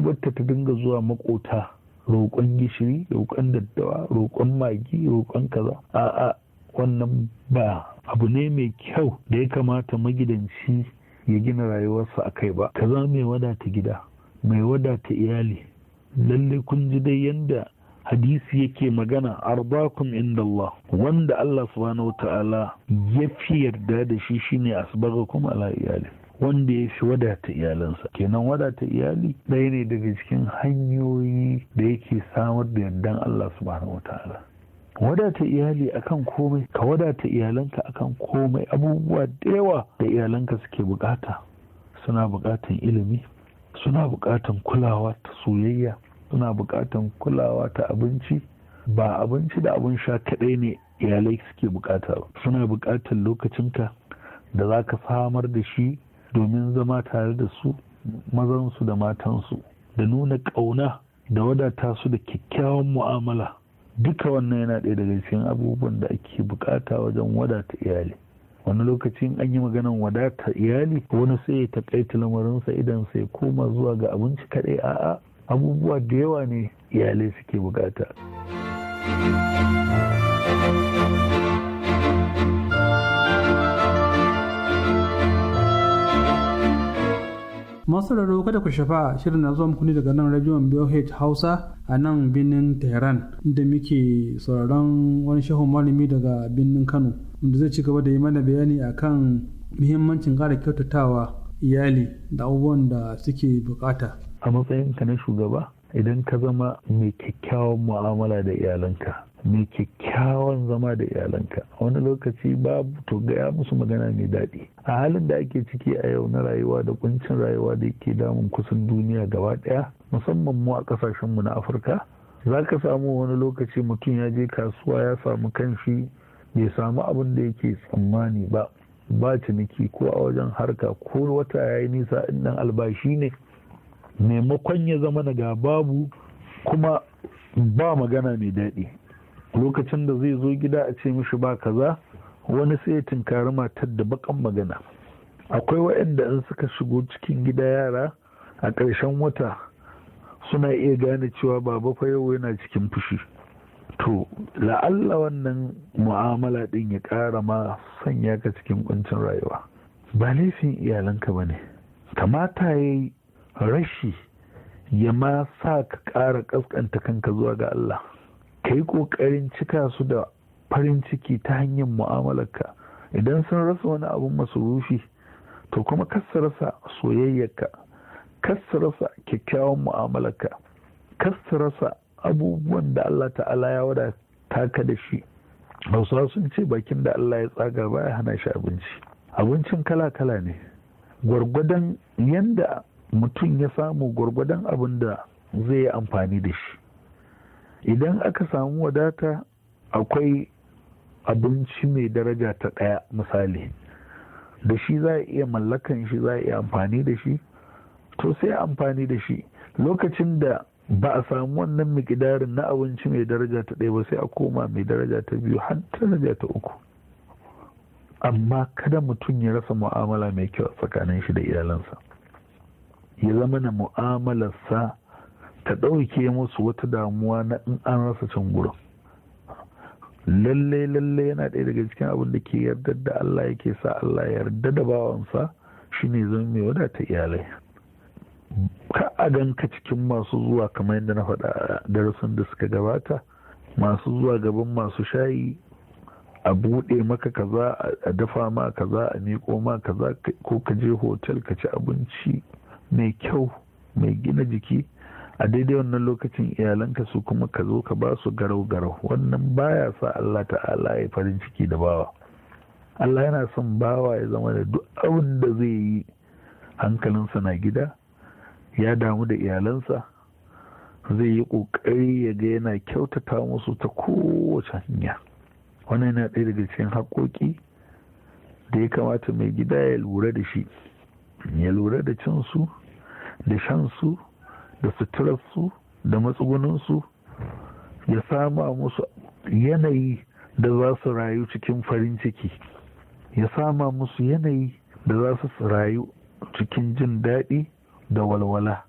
bar ta dinga zuwa makota roƙon gishiri roƙon daddawa roƙon magi roƙon kaza a'a wannan ba abu ne mai kyau da ya kamata magidanci ya gina rayuwarsa a kai ba ka zama mai wadata gida mai wadata iyali Lallai kun ji dai yadda hadisi yake magana arbakum inda Allah wanda Allah subhanahu ta'ala ya fi yarda da shi shine kuma ala iyali wanda ya fi wadata iyalansa kenan wadata iyali ɗaya ne daga cikin hanyoyi da yake samar da yardan Allah subhanahu ta'ala wadata iyali akan komai ka wadata iyalanka akan komai abubuwa da yawa da iyalanka suke bukata suna bukatan ilimi suna buƙatan kulawa ta soyayya suna buƙatar kulawa ta abinci ba abinci da abin sha kaɗai ne iyalai suke buƙata ba suna buƙatar lokacinka da za ka samar da shi domin zama tare da su mazansu da matansu da nuna ƙauna da wadata su da kyakkyawan mu'amala duka wannan yana ɗaya daga cikin abubuwan da ake buƙata wajen wadata iyalai. wani lokacin an yi maganan wadata iyali wani sai ta kaita lamarinsa idan sai koma zuwa ga abinci kadai a'a abubuwa da yawa ne iyalai suke bukata. masu raro kada ku shafa shirin na zuwa muku ne daga nan rajiyon BOH Hausa a nan birnin Tehran inda muke sauraron wani shahun malami daga birnin Kano wanda zai ci gaba da yi mana bayani akan muhimmancin ƙara kyautatawa iyali da abubuwan da suke bukata. A matsayinka na shugaba idan ka zama mai kyakkyawan mu'amala da iyalanka mai kyakkyawan zama da iyalanka wani lokaci babu to gaya musu magana mai daɗi a halin da ake ciki a yau na rayuwa da kuncin rayuwa da yake damun kusan duniya gaba ɗaya musamman mu a ƙasashenmu na afirka za ka samu wani lokaci mutum ya je kasuwa ya samu kanshi bai samu abin da yake tsammani ba ba ciniki ko a wajen harka ko wata ya yi nisa nan albashi ne maimakon ya zama na ga babu kuma ba magana mai daɗi lokacin da zai zo gida a ce mishi ba kaza wani sai ya tunkari matar da bakan magana akwai waɗanda in suka shigo cikin gida yara a ƙarshen wata suna iya gane cewa baba fa yau yana cikin fushi to la'alla wannan mu'amala ɗin ya ƙara ma sanya ka cikin ƙuncin rayuwa ba laifin iyalanka ba ne kamata ya yi rashi ya ma sa ka ƙara ƙasƙanta kanka zuwa ga Allah ka yi ƙoƙarin cika su da farin ciki ta hanyar mu'amalarka idan sun rasa wani abin rufi, to kuma kasa rasa soyayyarka kasa rasa kyakkyawan mu'amalarka kasa rasa abubuwan da Allah ta'ala ya wada taka da shi hausawa sun ce bakin da Allah ya tsaga ba ya hana shi abinci abincin kala-kala ne gwargwadon yanda mutum ya samu gwargwadon abin da zai yi amfani da shi idan aka samu wadata akwai abinci mai daraja ta ɗaya misali da shi za a iya mallakan shi za a iya amfani da shi to sai amfani da shi lokacin da ba a samu wannan mikidarin na abinci mai daraja ta ɗaya ba sai a koma mai daraja ta biyu har daraja ta uku amma kada mutum ya rasa mu'amala mai kyau tsakanin shi da iyalansa ya zama na mu'amalarsa ta ɗauke musu wata damuwa na in an rasa can gurin lalle lalle yana ɗaya daga cikin abin da ke yarda da Allah yake sa Allah yarda da bawansa shine zan mai wadata iyalai ka a ganka cikin masu zuwa kamar yadda na faɗa a darasin da suka gabata masu zuwa gaban masu shayi a buɗe maka kaza a dafa ma kaza a miƙo ma kaza ko ka je hotel ka ci abinci mai kyau mai gina jiki a daidai wannan lokacin iyalanka su kuma ka zo ka ba su garau garau wannan baya sa Allah ta'ala ya farin ciki da bawa Allah yana son bawa ya zama da duk abin da zai yi hankalinsa na gida ya damu da iyalansa zai yi ƙoƙari ya ga yana kyautata musu ta kowace hanya wannan yana ɗaya daga cikin haƙoƙi da ya kamata mai gida ya lura da shi ya lura da cinsu da shansu da suturarsu da matsuguninsu ya sama musu yanayi da za su rayu cikin farin ciki ya sama musu yanayi da za su rayu cikin jin daɗi da walwala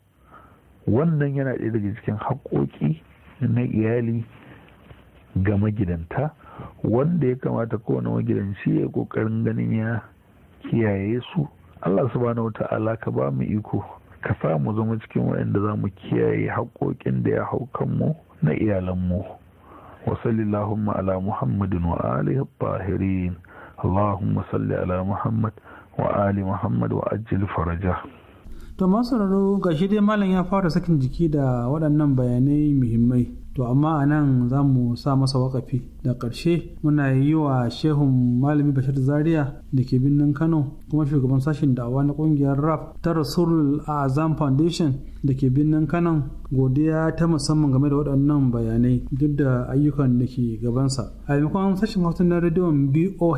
wannan yana ɗaya daga cikin haƙoƙi na iyali ga magidanta wanda ya kamata kowane magidanci ya ƙoƙarin ganin ya kiyaye su allah subhanahu wa ta'ala ka ba mu iko ka sa mu zama cikin waɗanda za mu kiyaye haƙoƙin da ya hau kanmu na iyalanmu وصل اللهم على محمد bahirin الطاهرين masalli ala muhammad محمد muhammad wa وأجل faraja. to masararo ga shi dai malam ya fara sakin jiki da waɗannan bayanai muhimmai to amma a nan za mu sa masa wakafi da ƙarshe muna yi wa shehun malami bashir zaria da ke birnin kano kuma shugaban sashen da'awa na ƙungiyar rap ta rasul azam foundation da ke birnin kano godiya ta musamman game da waɗannan bayanai duk da ayyukan da ke gabansa a maimakon sashen hotunan na rediyon boh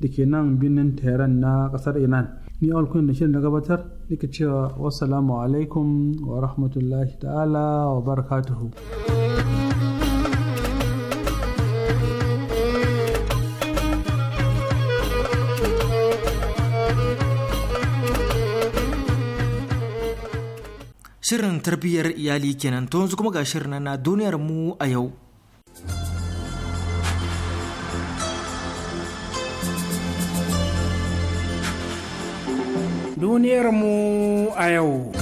da ke nan birnin tehran na ƙasar iran ni alkun da shirin da gabatar yake cewa wasalamu alaikum wa rahmatullahi ta'ala wa barakatuhu Shirin tarbiyyar iyali kenan to yanzu kuma ga shirin na duniyar mu a yau. duniyarmu a yau.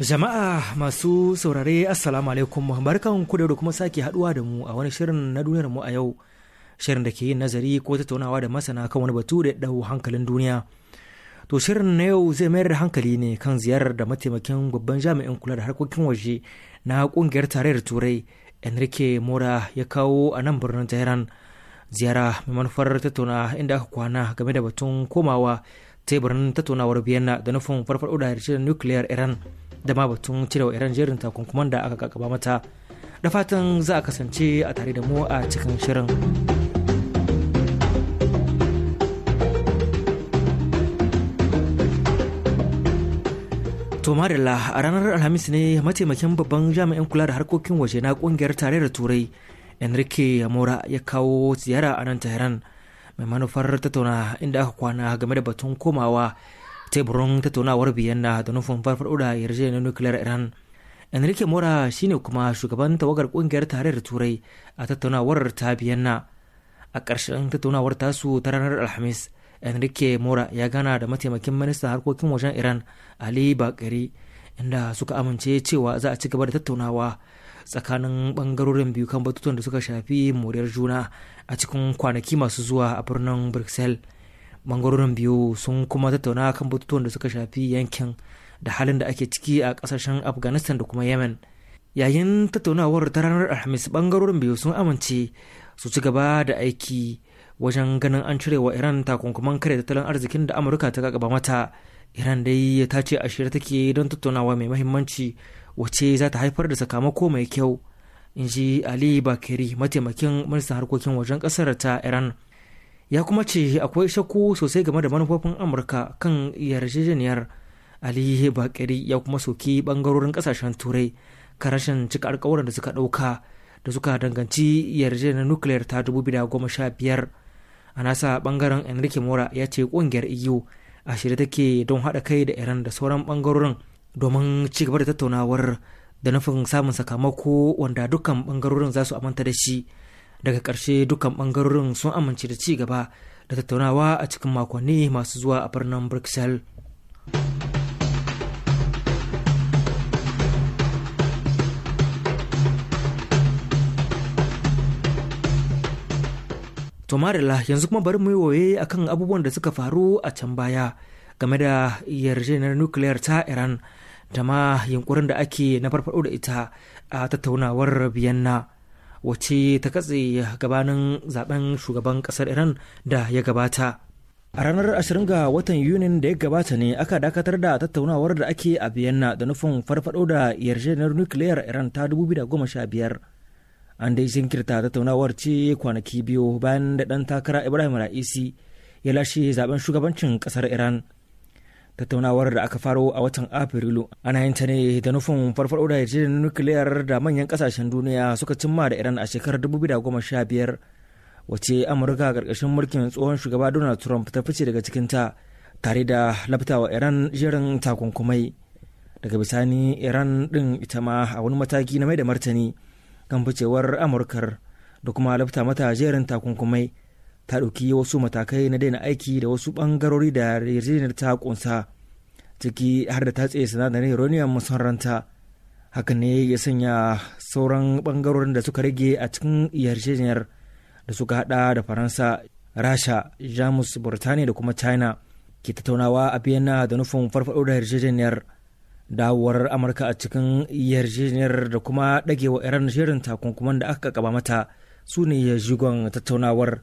Jama'a masu saurare Assalamu alaikum barkan ku da kuma sake haduwa da mu a wani shirin na duniyarmu a yau. Shirin da ke yin nazari ko tattaunawa da masana kan wani batu da ɗau hankalin duniya. To shirin na yau zai mayar da hankali ne kan ziyarar da mataimakin babban jami'in kula da harkokin waje na kungiyar tarayyar turai Enrique Mora ya kawo a nan birnin Tehran. ziyara mai manufar tattauna inda aka kwana game da batun komawa teburin tattaunawar vienna da nufin farfaɗo da harshen nukiliyar iran da ma batun cirewa iran jerin takunkuman da aka kakaba mata da fatan za a kasance a tare da mu a cikin shirin To a ranar Alhamis ne mataimakin babban jami'in kula da harkokin waje na kungiyar tarayyar Turai enrique mora ya kawo ziyara a nan tehran mai manufar tattauna inda aka kwana game da batun komawa teburin tattaunawar biyanna da nufin farfaɗo da yarjejeniyar nukiliyar iran enrique mora shine kuma shugaban tawagar kungiyar tarayyar turai a tattaunawar ta biyanna a ƙarshen tattaunawar tasu ta ranar alhamis enrique mora ya gana da mataimakin ministan harkokin wajen iran ali bakari inda suka amince cewa za a ci gaba da tattaunawa tsakanin bangarorin biyu kan batutuwan da suka shafi moriyar juna a cikin kwanaki masu zuwa a birnin Brussels. bangarorin biyu sun kuma tattauna kan batutuwan da suka shafi yankin da halin da ake ciki a kasashen afghanistan da kuma yemen yayin tattaunawar ta ranar alhamis bangarorin biyu sun amince su ci gaba da aiki wajen ganin an cire wa iran takunkuman kare tattalin arzikin da amurka ta gaba mata iran dai ta ce a take don tattaunawa mai mahimmanci wace za ta haifar da sakamako mai kyau in ji ali bakiri mataimakin ministan harkokin wajen kasar ta iran ya kuma ce akwai shakku sosai game da manufofin amurka kan yarjejeniyar ali bakiri ya kuma soki bangarorin kasashen turai kan rashin cika alkawuran da suka dauka da suka danganci yarjejeniyar nukiliyar ta 2015 a nasa bangaren enrique mora ya ce kungiyar eu a shirye take don haɗa kai da iran da sauran bangarorin domin ci gaba da tattaunawar da nufin samun sakamako wanda dukkan bangarorin za su amanta da shi daga karshe dukkan bangarorin sun amince da ci gaba da tattaunawa a cikin makonni masu zuwa a birnin bruxelles tomarila yanzu kuma bari mu yi waye akan abubuwan da suka faru a can baya game da yarjejeniyar nukiliyar ta iran da ma yunkurin da ake na farfado da ita a tattaunawar biyanna wace ta katse gabanin zaben shugaban kasar iran da ya gabata a ranar 20 ga watan yunin da ya gabata ne aka dakatar da tattaunawar da ake a biyanna da nufin farfado da yarjejeniyar nukiliyar iran ta 2015 an dai jinkirta tattaunawar ce kwanaki biyu bayan da ɗan takara ibrahim ra'isi ya lashe zaben shugabancin kasar iran tattaunawar da aka faro a watan afrilu ana yin ta ne da nufin farfado da yarjejeniyar nukiliyar da manyan kasashen duniya suka cimma da iran a shekarar 2015 wace amurka karkashin mulkin tsohon shugaba donald trump ta fice daga ta tare da wa iran jerin takunkumai daga bisani iran din ita ma a wani mataki na mai da martani kan ficewar amurkar da kuma labta mata jerin takunkumai ta ɗauki wasu matakai na daina aiki da wasu ɓangarori da yarjejeniyar ta ƙunsa ciki har da ta tsaye sinadarin uranium masaranta hakan ne ya sanya sauran ɓangarorin da suka rage a cikin yarjejeniyar da suka hada da faransa rasha jamus burtaniya da kuma china ke tattaunawa a biyana da nufin farfaɗo da yarjejeniyar dawowar amurka a cikin yarjejeniyar da kuma ɗagewa iran shirin takunkuman da aka kaba mata su ne ya jigon tattaunawar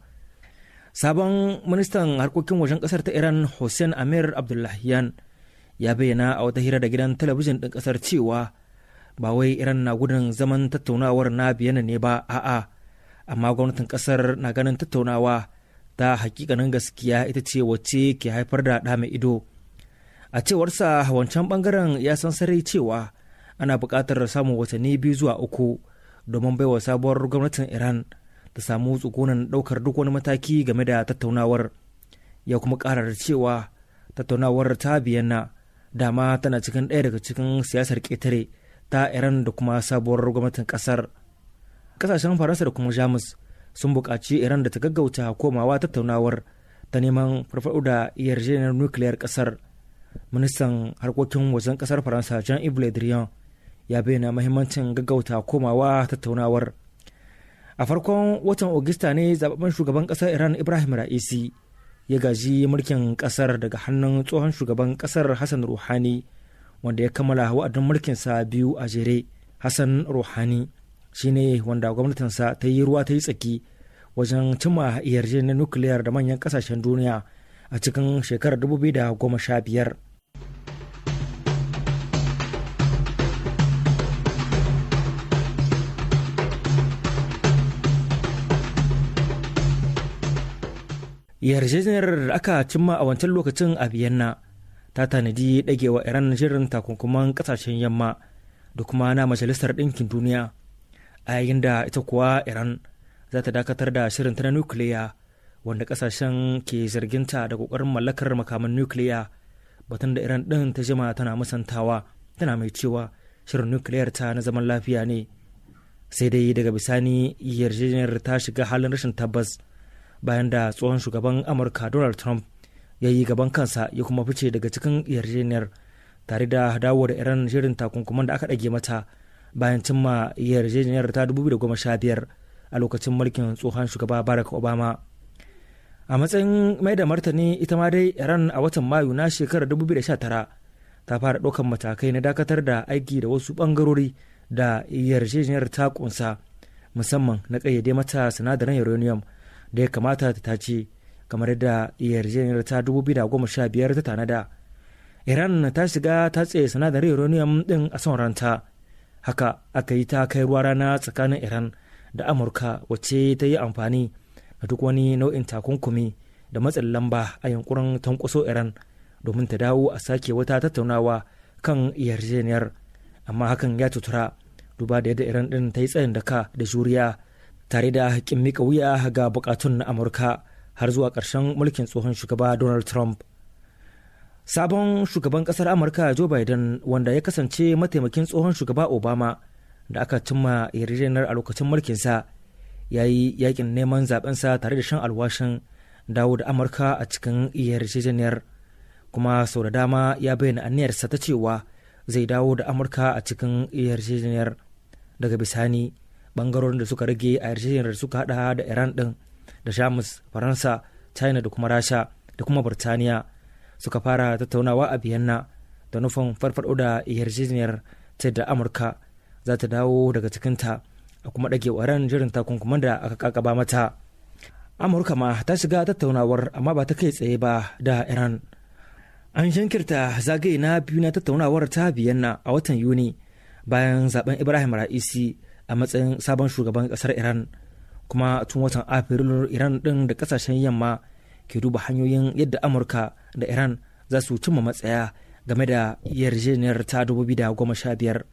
sabon ministan harkokin wajen kasar ta iran hussein amir abdullahiyan ya bayyana a wata hira da gidan talabijin ɗin ƙasar cewa ba wai iran na gudun zaman tattaunawar na biyana ne ba a'a amma gwamnatin ƙasar na ganin tattaunawa ta hakikanin gaskiya ita ce wacce ke haifar da dama ido a cewarsa wancan bangaren ya san sarai cewa ana buƙatar samun watanni biyu zuwa uku domin baiwa sabuwar gwamnatin iran ta samu tsugunan daukar duk wani mataki game da tattaunawar ya kuma karar cewa tattaunawar ta biyanna dama tana cikin ɗaya daga cikin siyasar ƙetare ta iran da kuma sabuwar gwamnatin ƙasar ƙasashen faransa da kuma jamus sun buƙaci iran da ta gaggauta komawa tattaunawar ta neman farfaɗo da yarjejeniyar nukiliyar ƙasar ministan harkokin wajen ƙasar faransa jean yves le drian ya bayyana mahimmancin gaggauta komawa tattaunawar a farkon watan Ogista ne zababben shugaban kasar Iran Ibrahim Ra'isi ya gaji mulkin kasar daga hannun tsohon shugaban kasar Hassan ruhani wanda ya kammala wa'adin sa biyu a jere. Hassan ruhani shine wanda gwamnatinsa ta yi ruwa ta yi tsaki wajen cimma yarjejeniyar nukiliyar da manyan kasashen duniya a cikin shekarar 2015. yarjejeniyar da aka cimma a wancan lokacin a biyanna ta tanadi dagewa iran shirin takunkuman kasashen yamma da kuma na majalisar ɗinkin duniya a yayin da ita kuwa iran za ta dakatar da shirin ta na nukiliya wanda kasashen ke zarginta da kokarin mallakar makaman nukiliya batun da iran ɗin ta jima tana musantawa tana mai cewa shirin nukiliyar ta na zaman lafiya ne sai dai daga bisani yarjejeniyar ta shiga halin rashin tabbas bayan da tsohon shugaban amurka donald trump ya yi gaban kansa ya kuma fice daga cikin yarjejeniyar tare da dawo da iran shirin takunkuman da aka ɗage mata bayan cimma yarjejeniyar ta 2015 a lokacin mulkin tsohon shugaba barack obama a matsayin mai da martani ita ma dai iran a watan mayu na shekarar 2019 ta fara ɗaukar matakai na dakatar da aiki da wasu ɓangarori da yarjejeniyar ta ƙunsa musamman na ƙayyade mata sinadarin uranium da ya kamata ta ce kamar yadda yarjejeniyar ta sha biyar ta tanada iran ta shiga ta tsaye sinadarin uranium din a son ranta haka aka yi ta kai ruwa rana tsakanin iran da amurka wacce ta yi amfani da duk wani nau'in takunkumi da matsin lamba a yankunan tankwaso iran domin ta dawo a sake wata tattaunawa kan yarjejeniyar amma hakan ya tutura duba da yadda iran din ta yi tsayin daka da juriya tare da haƙƙin mika wuya ga buƙatun na amurka har zuwa ƙarshen mulkin tsohon shugaba donald trump sabon shugaban ƙasar amurka joe biden wanda ya kasance mataimakin tsohon shugaba obama da aka cimma yarjejeniyar a lokacin mulkinsa ya yi yakin neman zaɓensa tare da shan alwashin dawo da amurka a cikin yarjejeniyar kuma sau da dama ya bayyana aniyarsa ta cewa zai dawo da amurka a cikin yarjejeniyar daga bisani bangarorin da suka rage a yarjejeniyar suka hada da iran din da jamus faransa china da kuma rasha da kuma birtaniya suka fara tattaunawa a biyanna da nufin farfado da yarjejeniyar ta da amurka za ta dawo daga cikinta a kuma ɗage waran jirin takunkuman da aka kakaba mata amurka ma ta shiga tattaunawar amma ba ta kai tsaye ba da iran an shankirta zagaye na biyu na tattaunawar ta biyanna a watan yuni bayan zaben ibrahim ra'isi a matsayin sabon shugaban kasar iran kuma tun watan afrilu iran din da kasashen yamma ke duba hanyoyin yadda amurka da iran za su cimma matsaya game da yarjejeniyar ta goma sha biyar.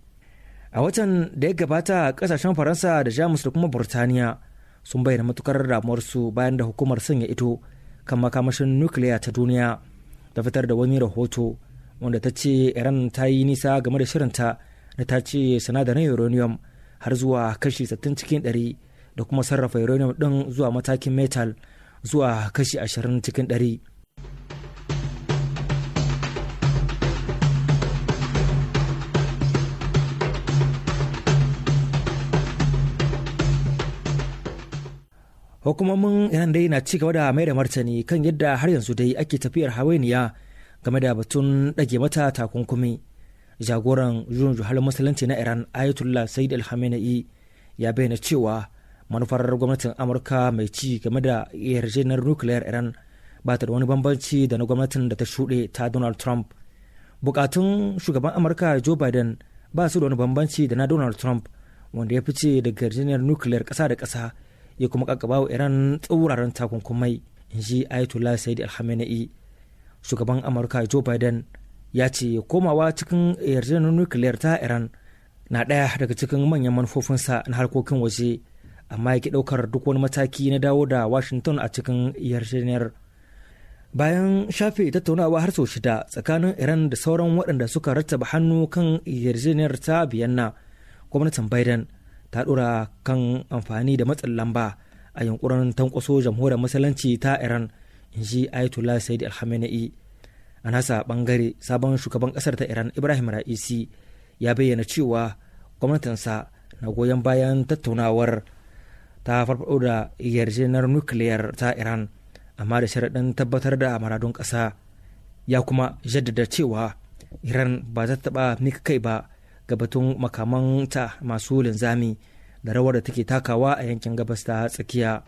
a watan da ya gabata kasashen faransa da jamus da kuma burtaniya sun bayyana matukar damuwarsu bayan da hukumar sanya ito kan makamashin nukiliya ta duniya ta fitar da wani rahoto wanda ta ce iran ta yi nisa game da shirinta da ta ce sinadarin uranium har zuwa kashi 60 cikin 100 da kuma sarrafa uranium din zuwa matakin metal zuwa kashi 20 cikin 100. hukumomin iran dai na cigaba da mai da martani kan yadda har yanzu dai ake tafiyar hawainiya game da batun dage mata takunkumi jagoran juyin juhalar musulunci na iran ayatollah said al ya bayyana cewa manufar gwamnatin amurka mai ci game da yarjejeniyar nukiliyar iran ba ta da wani bambanci da na gwamnatin da ta shuɗe ta donald trump bukatun shugaban amurka joe biden ba su da wani bambanci da na donald trump wanda ya fice da yarjejeniyar nukiliyar ƙasa da ƙasa ya kuma kakaba wa iran tsauraran takunkumai in ji ayatollah said al shugaban amurka joe biden ya ce komawa cikin yarjejeniyar nukiliyar ta iran na ɗaya daga cikin manyan manufofinsa na harkokin waje amma ya ɗaukar duk wani mataki na dawo da washington a cikin yarjejeniyar bayan shafe tattaunawa har sau shida tsakanin iran da sauran waɗanda suka rattaba hannu kan yarjejeniyar ta biyanna gwamnatin biden ta ɗora kan amfani da matsin lamba a yunkurin tankwaso jamhuriyar musulunci ta iran in ji ayatollah said al a nasa bangare sabon shugaban kasar ta iran ibrahim ra'isi ya bayyana cewa gwamnatinsa na goyon bayan tattaunawar ta farfaɗo da yarjejeniyar nukiliyar ta iran amma da sharaɗin tabbatar da maradun ƙasa ya kuma jaddada cewa iran ba za taɓa mika kai ba ga batun makamanta masu linzami da rawar da take takawa a yankin gabas ta tsakiya.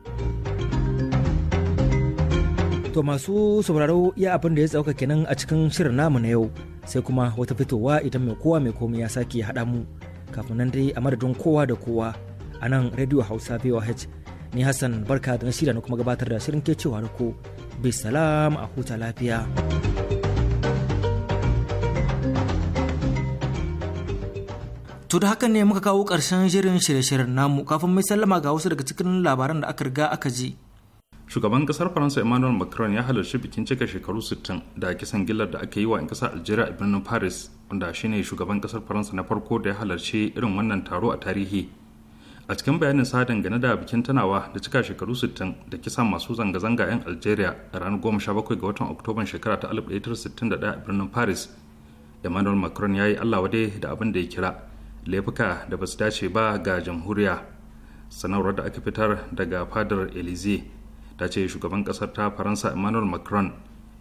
To masu sauraro iya abin da ya tsauka kenan a cikin shirin namu na yau sai kuma wata fitowa idan mai kowa mai komai ya sake haɗa mu kafin nan dai a madadin kowa da kowa a nan Radio Hausa VOH ni Hassan barka da shirya na kuma gabatar da shirin ke cewa da ku salam a huta lafiya. To da hakan ne muka kawo ƙarshen shirin shirye-shiryen namu kafin mai sallama ga wasu daga cikin labaran da aka riga aka ji. shugaban kasar faransa emmanuel macron ya halarci bikin cika shekaru 60 da kisan gillar da aka yi wa 'yan kasar algeria a birnin paris wanda shine shugaban kasar faransa na farko da ya halarci irin wannan taro a tarihi a cikin bayanin sa dangane da bikin tanawa da cika shekaru 60 da kisan masu zanga-zanga 'yan algeria a ranar 17 ga watan oktoban shekara ta 1961 a birnin paris emmanuel macron ya yi allah wade da abin da ya kira laifuka da ba su dace ba ga jamhuriya sanarwar da aka fitar daga fadar elysee ta ce shugaban kasar ta faransa emmanuel macron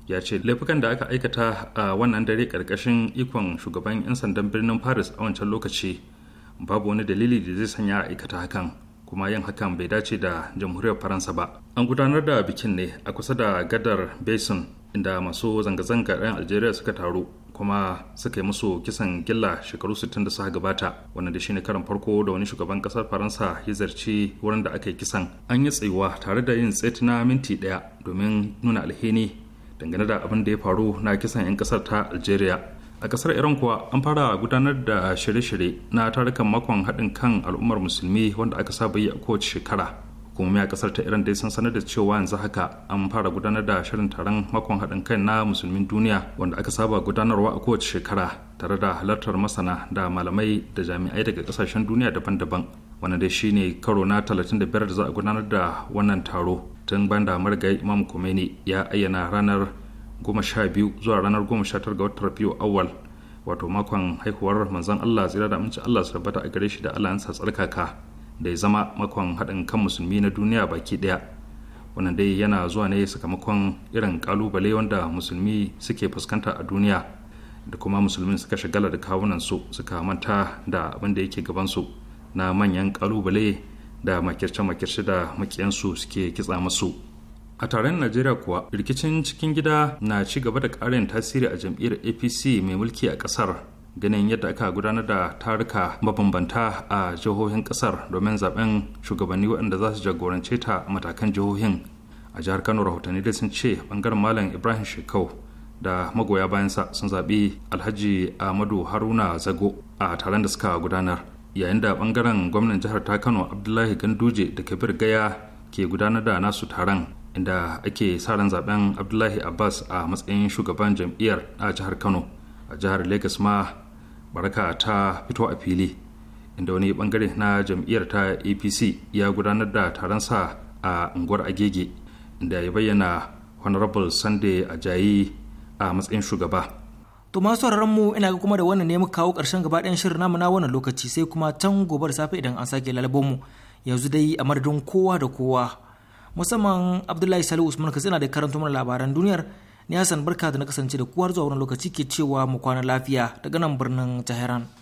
ya ce laifukan da aka aikata a wannan dare karkashin ikon shugaban 'yan sandan birnin paris a wancan lokaci babu wani dalili da zai sanya a aikata hakan kuma yin hakan bai dace da jamhuriyar faransa ba an gudanar da bikin ne a kusa da gadar basin inda masu zanga-zanga 'yan algeria suka taru kuma suka yi musu kisan gilla shekaru 60 da suka gabata wannan da shine karan farko da wani shugaban kasar faransa ya zarci wurin da aka yi kisan an yi tsayuwa tare da yin tsit na minti daya domin nuna alheri dangane da abin da ya faru na kisan 'yan kasar ta algeria a kasar iran kuwa an fara gudanar da shirye-shirye na tarukan makon haɗin kan al'ummar musulmi wanda aka saba yi a kowace shekara hukumomi a kasar ta iran dai sun sanar da cewa yanzu haka an fara gudanar da shirin taron makon haɗin kai na musulmin duniya wanda aka saba gudanarwa a kowace shekara tare da halartar masana da malamai da jami'ai daga kasashen duniya daban-daban wanda dai shine karo na 35 da za a gudanar da wannan taro tun bayan da marigayi imam khomeini ya ayyana ranar 12 zuwa ranar 19 ga watan rabiu awal wato makon haihuwar manzon allah tsira da aminci allah su tabbata a gare shi da allah tsarkaka da ya zama makon haɗin kan musulmi na duniya baki ɗaya wannan dai yana zuwa ne sakamakon irin kalubale wanda musulmi suke fuskanta a duniya da kuma musulmin suka shagala da kawunan su suka manta da abin da yake gabansu na manyan kalubale da makirce-makirce da makiyansu suke kitsa musu a taron najeriya kuwa rikicin cikin gida na ci gaba da ƙarin tasiri a jam'iyyar apc mai mulki a ƙasar ganin yadda aka gudanar da taruka mabambanta a jihohin kasar domin zaben shugabanni waɗanda za su jagorance ta matakan jihohin a jihar kano rahotanni dai sun ce bangaren malam ibrahim shekau da magoya bayansa sun zaɓi alhaji ahmadu haruna zago a taron da suka gudanar yayin da bangaren gwamnan jihar ta kano abdullahi ganduje da kabir gaya ke gudanar da nasu taron inda ake sa ran zaben abdullahi abbas a matsayin shugaban jam'iyyar a jihar kano a jihar lagos ma baraka ta fito a fili inda wani bangare na jam'iyyar ta apc ya gudanar da taronsa a unguwar agege inda ya bayyana honorable sunday ajayi a matsayin shugaba to masu mu ina ga kuma da wannan ne muka kawo karshen gaba ɗayan shirin namu na wannan lokaci sai kuma can gobe da safe idan an sake lalabo mu yanzu dai a madadin kowa da kowa musamman abdullahi salihu usman katsina da karanta mana labaran duniyar ni Hassan barka da na kasance da kuwar zuwa wani lokaci ke cewa mu kwana lafiya daga nan birnin Tehran